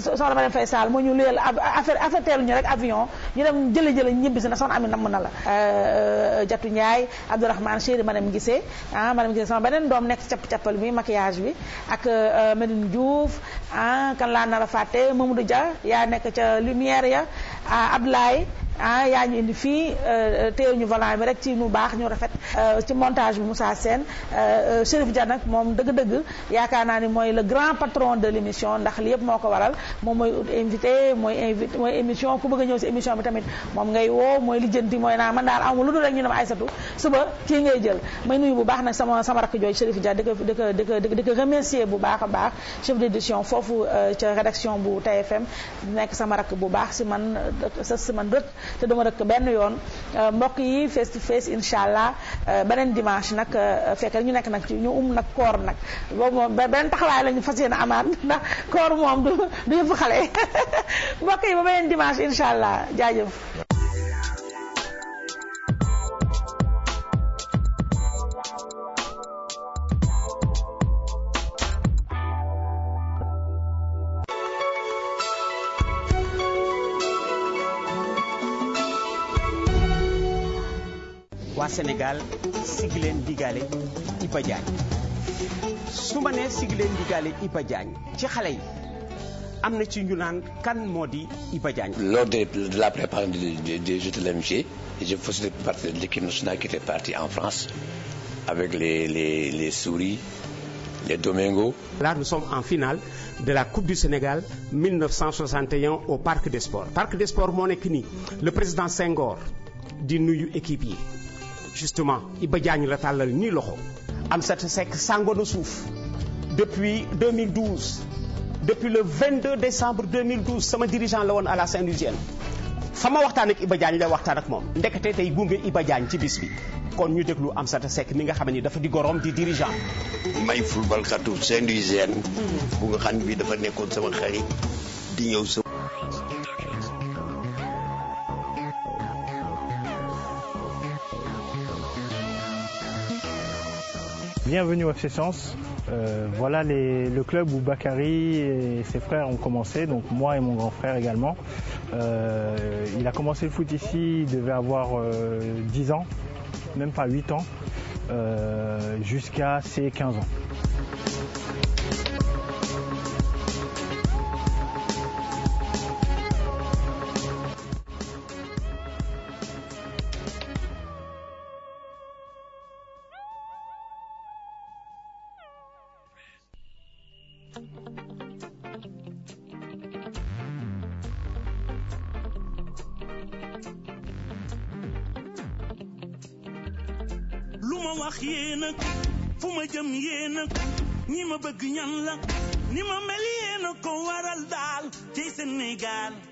soxna ma dem fay Sall moo ñu luyel affaire teelu ñu rek avion ñu dem jële jële ñibbisi na soxna am namm na la Jatu Ndiaye Abdourahmane Chéri Madame Guissé ah Madame Guissé sama Diouf ah kan laa nar a fàtte Mamadou Dia ya nek ca lumière ya ah Ablaye ah yaa ñu indi fii euh, euh, téye ñu volant bi rek ci mu baax ñu rafet euh, ci montage bi Moussa Sène Chérif Dia nag moom dëgg-dëgg yaakaar naa ni mooy le grand patron de l' émission ndax li yëpp moo ko waral moom mooy invité mooy invité mooy émission ku bëgg a ñëw si émission bi tamit moom ngay woo mooy lijjanti mooy naa man daal amul lu dul rek ñu ne ma Aïssatou suba kii ngay jël may nuyu bu baax nag sama sama rakk jooju Chérif Dia di ko di ko di ko di ko remercier bu baax a baax chef d' édition foofu ca rédaction bu TFM nekk sama rakk bu baax si man sa si man te dama rëkk benn yoon euh, mbokk yi face to face incha allah euh, beneen dimanche nag euh, fekk ñu nekk nag ci ñu um nag koor nag boobu moom beneen taxawaay la ñu fas yéene amaat [LAUGHS] ndax koor moom du du yëpp xale [LAUGHS] mbokk yi ba beneen dimanche incha allah jaajëf Sénégal Siglen Digale, Soumane Digale Ipadjan, Digalé kan lors de la préparation des des de l'MG, je faisais partie de l'équipe nationale qui était partie en France avec les souris les Domingos. Là, nous sommes en finale de la Coupe du Sénégal 1961 au Parc des Sports. Parc des Sports mon le président Senghor dit nous équipe justement Iba Diagne la tàllal ni loxo Amsatou Seck Sangono Souf, depuis 2012 depuis le 22 décembre 2012 sama dirigeant la woon à la Saint-Louisienne fa waxtan ak Iba Diagne la waxtan ak moom ndekete tay gunge Iba Diagne ci bis bi kon ñu déglu Amsatou Seck mi nga xam dafa di gorom di dirigeant. may football katu Saint-Louisienne. Hmm. bu nga xamni bi dafa nekkoon sama xarit di ñew sama. Bienvenue au FC Sens. voilà le club où Bakary et ses frères ont commencé, donc moi et mon grand frère également. Euh, il a commencé le foot ici, il devait avoir 10 euh, ans, même pas 8 ans, euh, jusqu'à ses 15 ans. bëgg ñan la ni ma mel yéen a ko waral daal ci Sénégal